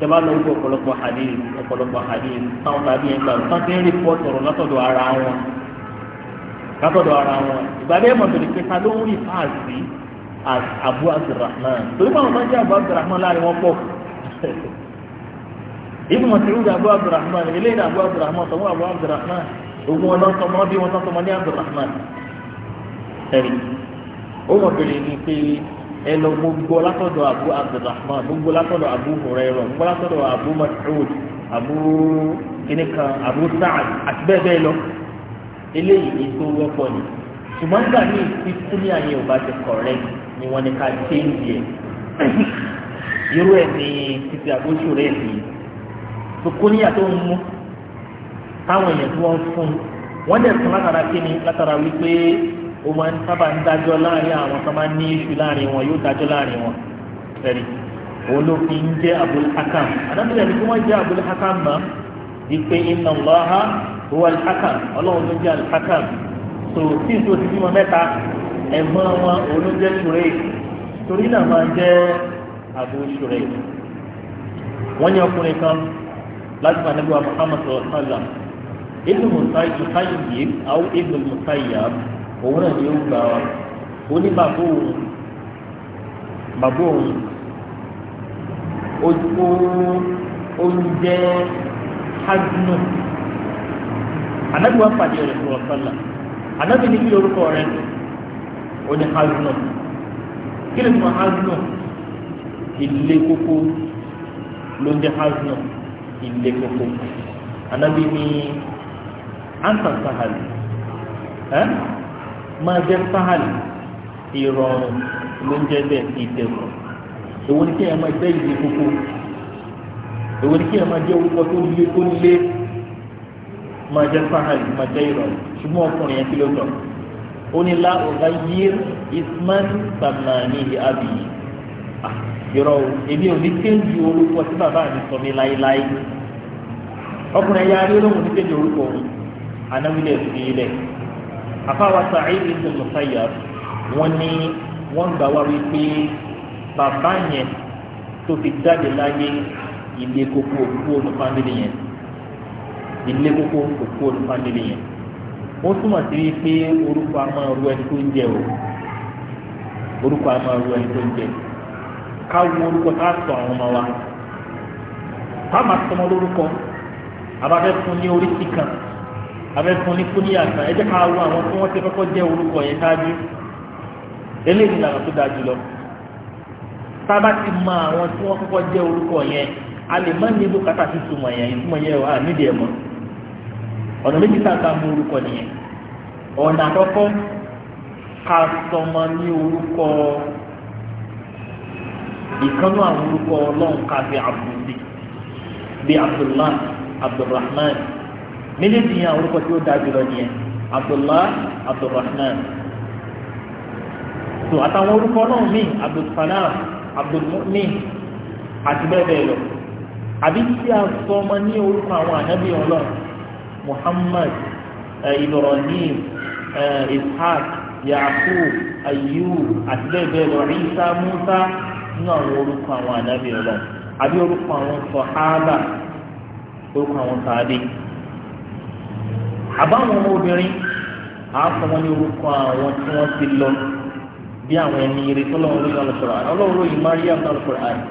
tẹ́lá lọ wípé ọ̀pọ̀lọpọ̀ hadith ọ̀pọ̀lọpọ̀ hadith táwọn tàbí yẹn gbà tán ti ń rìpọ́tù ọ̀rọ̀ látọ̀dọ̀ ara wọn látọ̀dọ̀ ara wọn ìgbàdé ẹ̀mọ̀ tó lè pé ló ń rí fáàsì abu abdulrahman torí pé àwọn máa ń jẹ́ abu abdulrahman láàrin wọn pọ̀ ibi mo ti rú abu abdulrahman eléyìí abu abdulrahman tọ́wọ́ abu abdulrahman ogun wọn lọ́sọ̀ mọ́ bí wọn lọ́sọ̀ mọ́ ní abdulrahman ẹ̀rí ó mọ̀ bèrè pé ẹlọ gbogbo látọ̀dọ̀ abu abdulrahman gbogbo látọ̀dọ̀ abu hurairah gbogbo látọ̀dọ̀ abu mas'ud abu kinikan abu sa'ad àti bẹ́ẹ̀ bẹ́ẹ̀ lọ eléyìí tó wọ́pọ̀ ni ṣùgbọ́n gbà ní ìfipú ní àyè ò bá ti correct ni wọ́n ní ká change ẹ̀ irú ẹ̀ ní títí àgbóṣù rẹ̀ ní sokoniya tó ń mú táwọn èèyàn tí wọ́n fún wọ́n dẹ̀ fún látara kíni látara wípé ó máa ń sábà ń dájọ́ láàrin àwọn tó máa ń ní iṣu láàrin wọn yóò dájọ́ láàrin wọn ẹ̀rí òun ló fi ń jẹ́ Abul Hakam anábìlẹ̀ ni kí wọ́n jẹ́ Abul Hakam mọ́ ìpè inna Allaha huwa al-Hakam ọlọ́run ló jẹ́ al-Hakam tó tí ìṣó ti bímọ mẹ́ta ẹ̀gbọ́n wọn òun ṣùrẹ́ torí náà máa jẹ́ Abu ṣùrẹ́ wọ́n yẹ ọkùnrin kan láti máa nígbà Muhammad sallallahu alaihi wa sallam ibn musayyib aw ibn musayyib òun náà ni ó gbà wá ó ní bàbá òun bàbá òun ó ó ń jẹ́ hajjúnù anábìwá pàdé rẹ̀ fún ọ̀sánlá anábì ní kí orúkọ rẹ̀ ó ní hajjúnù kí ni mo hajjúnù ilé kókó ló ń jẹ́ hajjúnù ilé kókó anábì ní ansan sahali Eh? máa jẹ́ fáàlì ìrọ̀rùn ló ń jẹ́ bẹ́ẹ̀ ìdẹ̀kùn èwo ni kí ẹ máa jẹ́ ìdí kúkú èwo ni kí ẹ máa jẹ́ orúkọ tó lé tó lé máa jẹ́ fáàlì máa jẹ́ ìrọ̀rùn ṣùgbọ́n ọkùnrin yẹn kí ló dọ̀ ó ní la ọ̀gá yír isman samani abi yọrọ èmi ò ní kéńjì orúkọ tí bàbá mi sọ mi láéláé ọkùnrin yára ló ń wọ́n ní kéńjì orúkọ anáwílẹ̀ sí ilẹ̀ afáwa Sa'id ibn Musayyab wọ́n ní wọ́n gbà wá wípé bàbá yẹn tó fi jáde láyé ilé kókó òkú ònú fámìlì yẹn ilé kókó òkú ònú fámìlì yẹn ó túmọ̀ sí wípé orúkọ a máa ru ẹni tó ń jẹ o orúkọ a ẹni tó ń jẹ ká wo orúkọ ká sọ àwọn ọmọ wa ká máa sọmọ lórúkọ abáfẹ́ fún ní oríṣi kan abẹ́fún ní kúníyà kan ẹ jẹ́ ká wo àwọn tí wọ́n ti kọ́kọ́ jẹ́ orúkọ yẹn ṣáájú eléyìí làwọn tó dáa jùlọ tá a bá ti mọ àwọn tí wọ́n kọ́kọ́ jẹ́ orúkọ yẹn a lè má ní bùkátà sí túmọ̀ yẹn ìtumọ̀ yẹn wà nídìí ẹ̀ mọ́ ọ̀nà méjì tá a ta mú orúkọ nìyẹn ọ̀nà àkọ́kọ́ ká sọmọ ní orúkọ ìkànnú àwọn orúkọ ọlọ́run ká bí abdullahi abdulrahman méjèèjì yẹn àwọn orúkọ tí ó dáa jùlọ nìyẹn abdullah abdulrahman tó àtàwọn orúkọ náà míì abdulsalam abdulmumin àti bẹ́ẹ̀ bẹ́ẹ̀ lọ àbí tí a sọ ọmọ ní orúkọ àwọn ànábì ọlọ́run muhammad ibrahim ishaq yaqub ayub àti bẹ́ẹ̀ bẹ́ẹ̀ lọ isa musa nínú àwọn orúkọ àwọn ànábì ọlọ́run àbí orúkọ àwọn sọ̀hábà orúkọ àwọn sàádé àbáwọn ọmọbìnrin àáfọ wọn ní orúkọ àwọn tí wọn ti lọ bí àwọn ẹni eré tó lọ́wọ́ lórí alùpùpù àná ọlọ́run lórí Maryam alùpùpù àná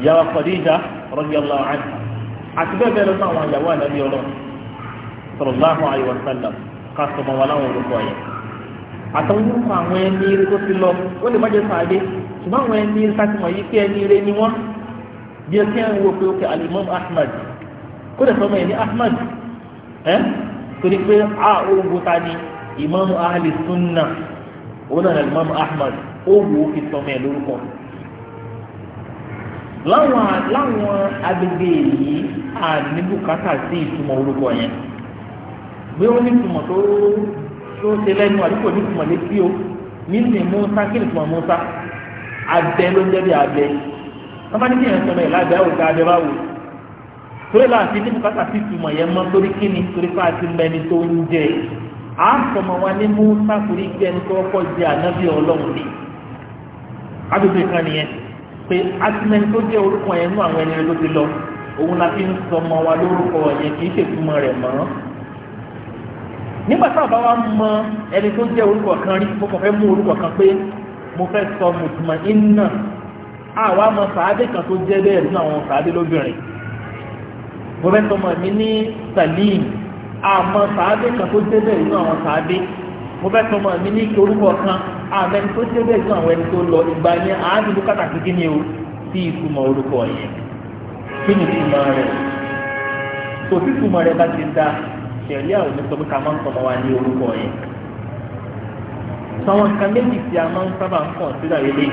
ìyàwó Khadija radiyallahu anha àti bẹ́ẹ̀ bẹ́ẹ̀ lọ́sọ àwọn àyàwó àdàbí ọlọ́run sallallahu alaihi wasallam ká sọmọ wọn láwọn orúkọ yẹn àtàwọn orúkọ àwọn ẹni eré tó ti lọ ó lè má jẹ sàádé ṣùgbọ́n àwọn ẹni eré sátìmọ̀ yìí pé ẹni eré ni wọ́n bí ẹ kí ẹ ń wo pé ó kẹ Al-Imam kó dẹ̀ ẹ́ torí pé a ni ìmáàmù ahli sunna òun náà Imam ahmad ó wù ó fi sọmọ ẹ̀ lórúkọ láwọn láwọn agbègbè yìí a ní bùkátà sí ìtumọ̀ orúkọ yẹn bí wọ́n ní ìtumọ̀ tó tó ṣe lẹ́nu àdúgbò ní ìtumọ̀ létí o nínú ìmúta kí ni ìtumọ̀ múta abẹ ló ń jẹ́ bí abẹ wọ́n bá ní kí èèyàn sọmọ ẹ̀ lábẹ́ àwòká abẹ báwo torí láti ní bùkátà sí ìtumọ̀ yẹn mọ́ torí kí ni torí fáà ti mẹni tó ń jẹ à ń sọmọ wa ní Mùsá torí gbé ẹni tó kọ́ jẹ ànábì ọlọ́run ni agbègbè kan nìyẹn pé atimẹni tó jẹ orúkọ yẹn nú àwọn ẹni tó ti lọ òun la fi ń sọmọ wa lórúkọ yẹn kì í ṣètumọ̀ rẹ̀ mọ́ nígbà tá a bá wa mọ ẹni tó jẹ orúkọ kan rí mo kàn fẹ́ mú orúkọ kan pé mo fẹ́ sọ mùtùmọ̀ iná àwa mọ sàádé kan tó jẹ bẹ́ẹ̀ nínú àwọn sàádé lóbìnrin mo fẹ́ sọmọ mi ní salim àmọ́ sàábé kan tó débẹ̀ inú àwọn sàábé mo fẹ́ sọmọ mi ní orúkọ kan àmọ́ ẹni tó débẹ̀ inú àwọn ẹni tó lọ ìgbà yẹn àádùn bùkátà kíkí ni o sí ìtumọ̀ orúkọ yẹn kí ni ìtumọ̀ rẹ̀ tó sí ìtumọ̀ rẹ̀ bá ti da ṣẹ̀rí àwọn ọ̀dọ́ pé ká máa ń sọmọ wa ní orúkọ yẹn sọ̀wọ́n kan méjì tí a máa ń sábà ń kàn sílẹ̀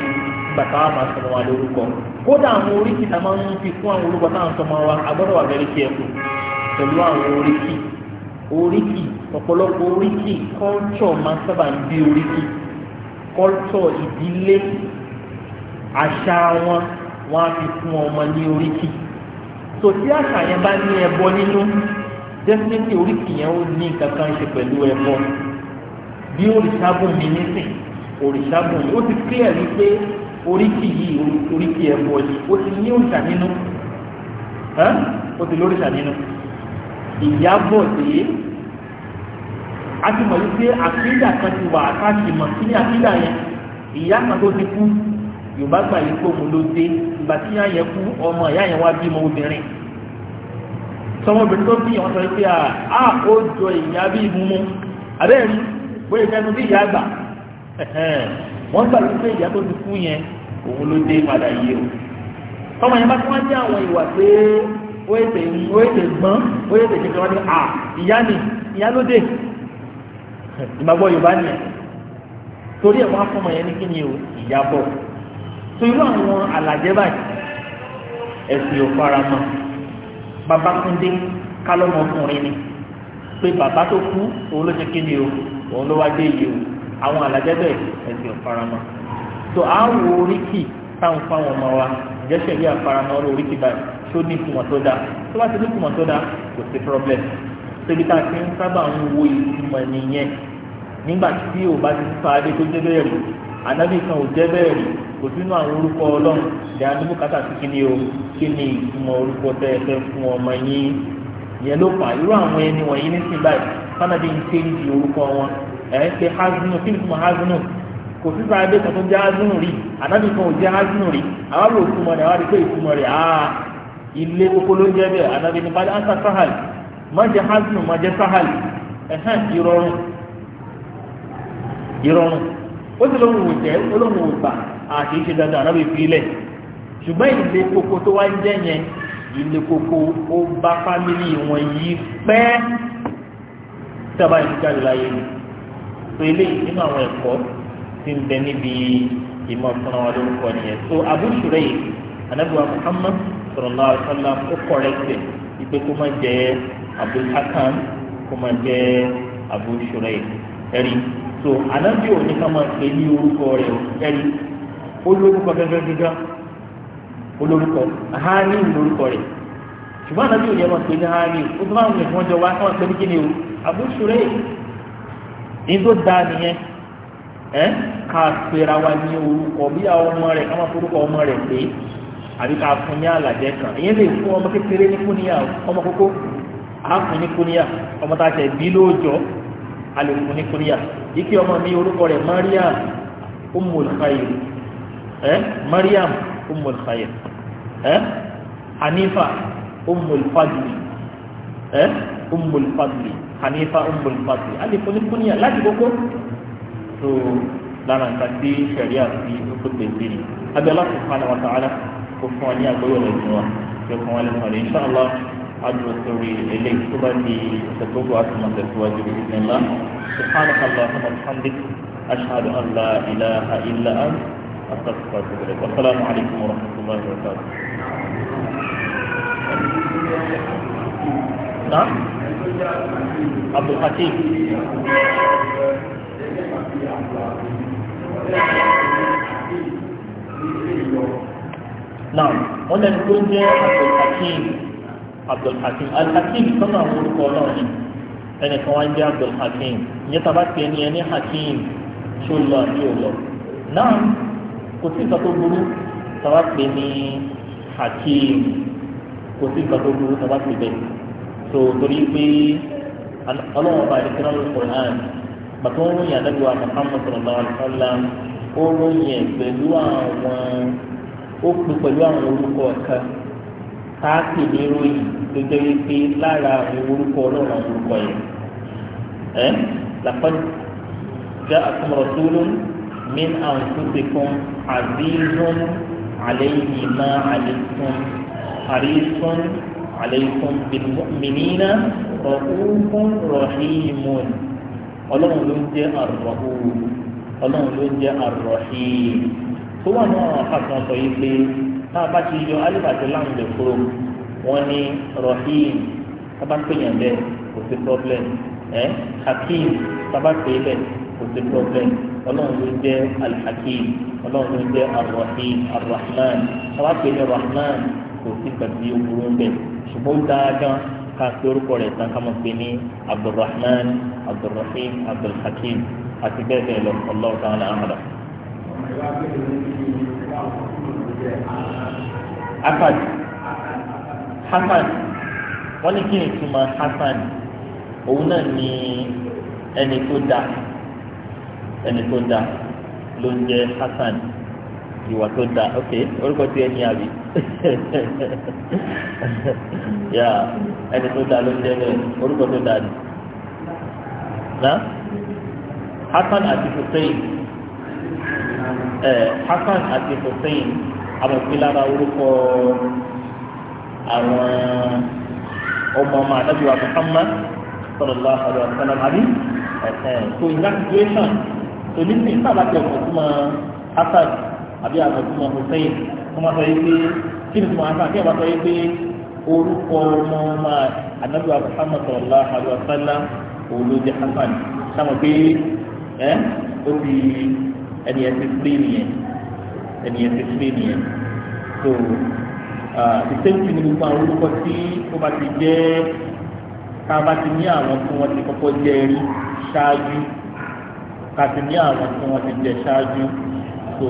bàtà wà máa sọmọ wa lórúkọ kódà àwọn oríkì tá a máa ń fi fún àwọn olùkọ́ náà sọmọ wa agbọ́dọ̀ wà bẹ̀rẹ̀ kí ẹ kù pẹ̀lú àwọn oríkì oríkì ọ̀pọ̀lọpọ̀ oríkì kọ́ńtọ̀ máa sábà ń bí oríkì kọ́ńtọ̀ ìdílé àṣà wọn wọn á fi fún ọmọ ní oríkì tò tí àṣà yẹn bá ní ẹbọ nínú dẹ́sítẹ́tì oríkì yẹn ó ní nǹkan ṣe pẹ̀lú ẹbọ bí òrìṣàbùnmi nísìn òrìṣàbùnmi ó ti kílẹ̀ wípé oríkì yìí oríkì ẹ̀bọ yìí ó ti ní òǹtà nínú ó ti lóríṣà nínú ìyábọ̀ dé a ti mọ̀ wípé àkídà kan ti wà káàkiri mọ̀ sí ní àkídà yẹn ìyá kan tó ti kú yorùbá gbà yìí kó mo ló dé ìgbà tí yáà yẹn kú ọmọ ìyá yẹn wá bímọ obìnrin sọmọbìnrin tó bí wọn sọ pé a ó jọ ìyá bí mímú abẹ́rẹ́ bóyá ìfẹ́nu bí ìyá àgbà wọ́n gbà wípé ìyá tó ti kú yẹn òun ló dé padà yìí o tọ́mọ yẹn bá tí wọ́n jẹ́ àwọn ìwà pé ó ètè ó ètè gbọ́n ó ètè kékeré wọn ni à ìyá ni ìyá ló dé ìgbàgbọ́ Yorùbá nìyẹn torí ẹ̀ wọ́n á fọmọ yẹn ní kí ni o ìyá bọ̀ tó irú àwọn àlàjẹ́ báyìí ẹ̀sìn ò fara mọ́ Babátúndé kálọ́mọkùnrin ni pé bàbá tó kú òun ló jẹ́ kí ni o òun ló wá dé yìí o àwọn àlàjẹ́ bẹ́ẹ̀ ẹ̀sìn ọ̀faramọ́ tó a wo oríkì táwọn fáwọn ọmọ wa jẹ́sẹ̀ bí àfaramọ́ oríkì báyìí tó ní ìtumọ̀ tó dáa tó bá ti ní ìtumọ̀ tó dáa kò sí problem tóbi tá a ti ń sábà ń wo ìtumọ̀ nìyẹn nígbà tí o bá ti fa adé tó jẹ́ bẹ́ẹ̀ rí ànábì kan ò jẹ́ bẹ́ẹ̀ rí kò sínú àwọn orúkọ ọlọ́run ìyá níbo kàtà sí kí ni o kí ni ìtumọ̀ orúkọ tẹ́ ẹ fẹ́ fún ọmọ yín yẹn ló fà irú àwọn ẹni wọ̀nyí nísìnyí báyìí fánàbí ń ṣe ń di orúkọ wọn ẹ̀ ń ṣe hazinu kí ni fún hazinu kò sí sáadé kan tó jẹ́ hazinu rí ànábì kan ò jẹ́ hazinu rí àwọn lò fún mọ̀rẹ̀ àwọn àdìpé ìfún mọ̀rẹ̀ àá ilé kókó ló jẹ́ bẹ́ẹ̀ ànábì ní balẹ̀ ansa sahal má jẹ́ hazinu má jẹ́ sahal ẹ̀hẹ́n ìrọ̀rùn ìrọ̀rùn ó sì lóhùn òjẹ́ olóhùn ògbà àti ìṣe dandan ànábì fi ilẹ̀ ṣùgbọ́n ilé kókó tó wá ń jẹ́ yẹn ilé kókó ó bá fámìlì wọn yìí pẹ́ sábà ìdíjáde láyé ni tó eléyìí nínú àwọn ẹ̀kọ́ tí ń bẹ níbi ìmọ̀ fúnra wa lórúkọ nìyẹn tó Abu Shuraih anabiwa Muhammad sallallahu alaihi wasallam ó kọ̀rẹ́tẹ̀ ipe kó má jẹ́ Abdul Hakam kó má jẹ́ Abu Shuraih ẹ̀rí tó anabi ò ní ká máa pè ní orúkọ rẹ̀ ẹ̀rí ó lórúkọ gẹ́gẹ́ gíga ó lórúkọ hání lórúkọ rẹ̀ ṣùgbọ́n anabi ò yẹ máa pè ní hání ó tó máa ń lè fún ọjọ́ ká máa pè ní kíni o Abu Shuraih ní tó dáa nìyẹn ẹ ká pera wa ní orúkọ bí àwọn ọmọ rẹ ká má forúkọ ọmọ rẹ pé àbí ká fún ní àlàjẹ kan ìyẹn lè fún ọmọ kékeré ní kúníyà ọmọ kókó á fún ní kúníyà ọmọ tá a tẹ bí lóòjọ́ a lè fún ní kúníyà ike ọmọ mi orúkọ rẹ Mariam Ummul ẹ Mariam Ummul ẹ Hanifa Ummul ẹ Ummul Hanifa Umbul Fadl alẹ́ fún ní fún ní aláàjì kókó punya punya lagi ni alaaji dalam kasi syariah di ti seria adalah subhanahu wa ta'ala kó fún wa ní àgbẹ̀wò rẹ̀ jù wa kí ó fún wa lẹ́sọ̀ rẹ̀ insha Allah adùn sórí eléyìí tó bá di ìṣètòkò àtúmọ̀ tẹ̀síwájú ìdílé ńlá subhanaka an la ilaha illa anta أستغفرك وأتوب إليك والسلام عليكم ورحمة الله وبركاته. نعم abdulhakeem. náà wọ́n lẹ́nu tó jẹ́ abdulhakeem abdulhakeem alhakeem sọ́nà àwọn orúkọ náà ni ẹnìkan wá ń jẹ́ abdulhakeem ìyẹn tá a bá pè é ní ẹni hakeem tí ó lọ àbí ò lọ náà kò sí nǹkan tó burú tó torí pé ọlọ́run bá ìdíkẹ́ lọ́rùn Qur'an bàtà ó ròyìn àdàgbà Muhammad sallallahu alaihi wasallam ó ròyìn pẹ̀lú àwọn ó pè pẹ̀lú àwọn orúkọ kan táàkì ní ròyìn tó jẹ́ wípé lára àwọn orúkọ ọlọ́run orúkọ yẹn ẹ́ làpọ́n جاءكم رسول من أنفسكم عزيز عليه ما عليكم حريص عليكم بالمؤمنين رؤوف رحيم rahimun ọlọ́run ló ń jẹ́ àrọ̀hù ọlọ́run ló ń jẹ́ àrọ̀hì tó wà náà àfàkàn sọ yìí pé tá a bá ti yọ alifàtí láwọn lè kúrò wọn ní rọ̀hì tábà péyàn bẹ́ẹ̀ kò sí problem ẹ hakim tábà pé bẹ́ẹ̀ kò sí problem ọlọ́run ló ń jẹ́ alhakim ọlọ́run ló ń jẹ́ arrahim arrahman tábà pé ní rahman kò sí nǹkan tí ó burú bẹ̀ ṣùgbọ́n dáadáa ká fi orúkọ rẹ̀ tán ká mọ̀ pé ní abdulrahman abdulrahim abdulhakim àti bẹ́ẹ̀ bẹ́ẹ̀ lọ ọlọ́run táwọn náà hàn lọ. akad hasan wọ́n ní kí ni túmọ̀ hasan òun náà ní ẹni tó dáa ẹni tó dáa ló ń jẹ́ hasan ìwà tó da ok orúkọ tí ẹ ní àbí yà ẹni tó da ló ń jẹ bẹ́ẹ̀ orúkọ tó da ni na Hasan àti Hussein ẹ Hasan àti Hussein amọ̀pélára orúkọ àwọn ọmọ ọmọ àdájọ́ Muhammad sallallahu alaihi wasallam àbí ẹ̀ ẹ̀ so in that situation so nígbà tí a tó máa Hasan àbí àwọn ìgbìmọ̀ hussein wọ́n máa sọ yìí pé kí ni tùmọ̀ àǹfààní ẹ̀ sọ yìí pé orúkọ ọmọ ọmọ anabi wa muhammad sallallahu alaihi wa sallam olóde hasan sáwọn pé ẹ ó fi ẹni ẹ ti sílé nìyẹn ẹni ẹ ti sílé nìyẹn so ìsèǹtì ni gbogbo àwọn orúkọ tí ó bá ti jẹ́ ká bá ti ní àwọn tí wọ́n ti kọ́kọ́ jẹ́ rí ṣáájú ká ti ní àwọn tí wọ́n ti jẹ́ ṣáájú so.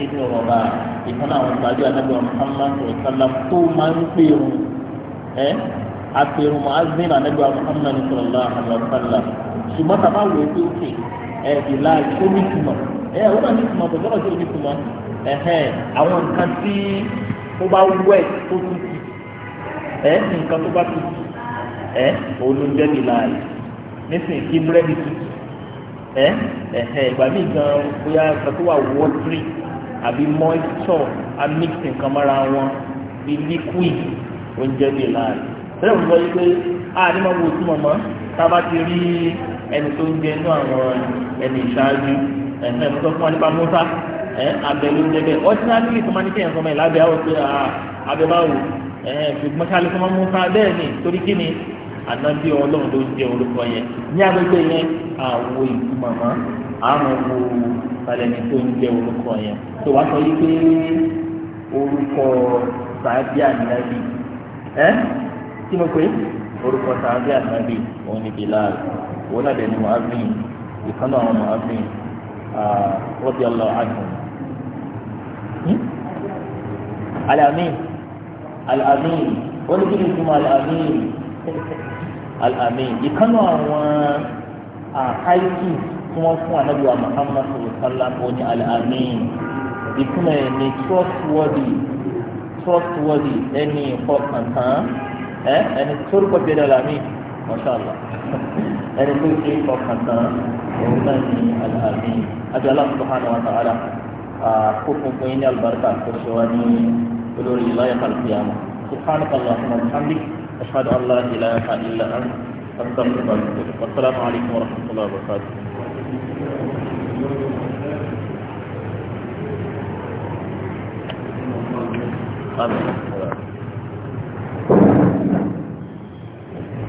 ibn rọba ìfọ̀nà àwọn ìpàdé anábìyà muhammad sallam tó máa ń pèrún ẹ apèrún muazzin anábìyà muhammad sallallahu alayhi wa sallam ṣùgbọ́n tàbá wò ó pé òkè ẹ ìlà ìṣónítumọ̀ ẹ ó náà ní ìtumọ̀ tó lọ́rọ̀ sí onítumọ̀ ẹ̀hẹ́ àwọn nǹkan tí ó bá wẹ̀ tó tutù ẹ nǹkan tó bá tutù ẹ òun ló ń jẹ́ ìlà yìí nísìnyí kí búrẹ́dì tutù ẹ ẹ̀hẹ́ ìgbà míì gan bóyá nǹkan tó wà wọ́ọ́tírì àbí moisture a mix nǹkan mọ́ra wọn bí liquid oúnjẹ bíi láàrin tẹ́lẹ̀ wọ́n sọ yìí pé a ní máa wo ojú mọ̀mọ́ tá a bá ti rí ẹni tó ń jẹ inú àwọn ẹni ìṣáájú ẹ̀sìn ẹ̀sìn tó fún wa nípa mọ́tà ẹ̀ abẹ ló ń jẹ bẹ́ẹ̀ ordinary tó máa ní kéèyàn sọmọ ẹ̀ lábẹ́ àwọn pé abẹ bá wò ẹ̀ ṣùgbọ́n ṣáà lè sọmọ mọ́tà bẹ́ẹ̀ ni torí kí ni ànábì ọlọ́run ló ń jẹ orúkọ yẹn ní agbègbè yẹn àwọn ìtumọ̀mọ́ àmọ́ wo balẹ̀ ní tó ń jẹ́ orúkọ yẹn tó wá sọ yí pé orúkọ sàábì ànábì ẹ́ kí ló pé orúkọ sàábì ànábì òun ni Bilal òun náà dẹ̀ ni muhammed ìkànnì àwọn muhammed rọ́bì ọlọ́ àdùn. alamin alamin ó ní kí ni ìtumọ̀ alamin alamin ìkànnì àwọn àkáìkì tí wọ́n fún anabi wa muhammad sallam oní alamin ìtumọ̀ ẹ̀ ní trustworthy trustworthy ẹni ìfọkàntán ẹ ẹni tó rúkọ bí ẹni alamin mashallah ẹni tó ṣe ìfọkàntán òun náà ní alamin àti aláàbò tó hàn wọn tààlà kókó fún yín ní alibarika tó ṣe wá ní olórí ìlàyà kàlùkìyàmù subhanakallahumma wa bihamdik ashhadu an la ilaha illa anta. والسلام عليكم ورحمة الله وبركاته Amen.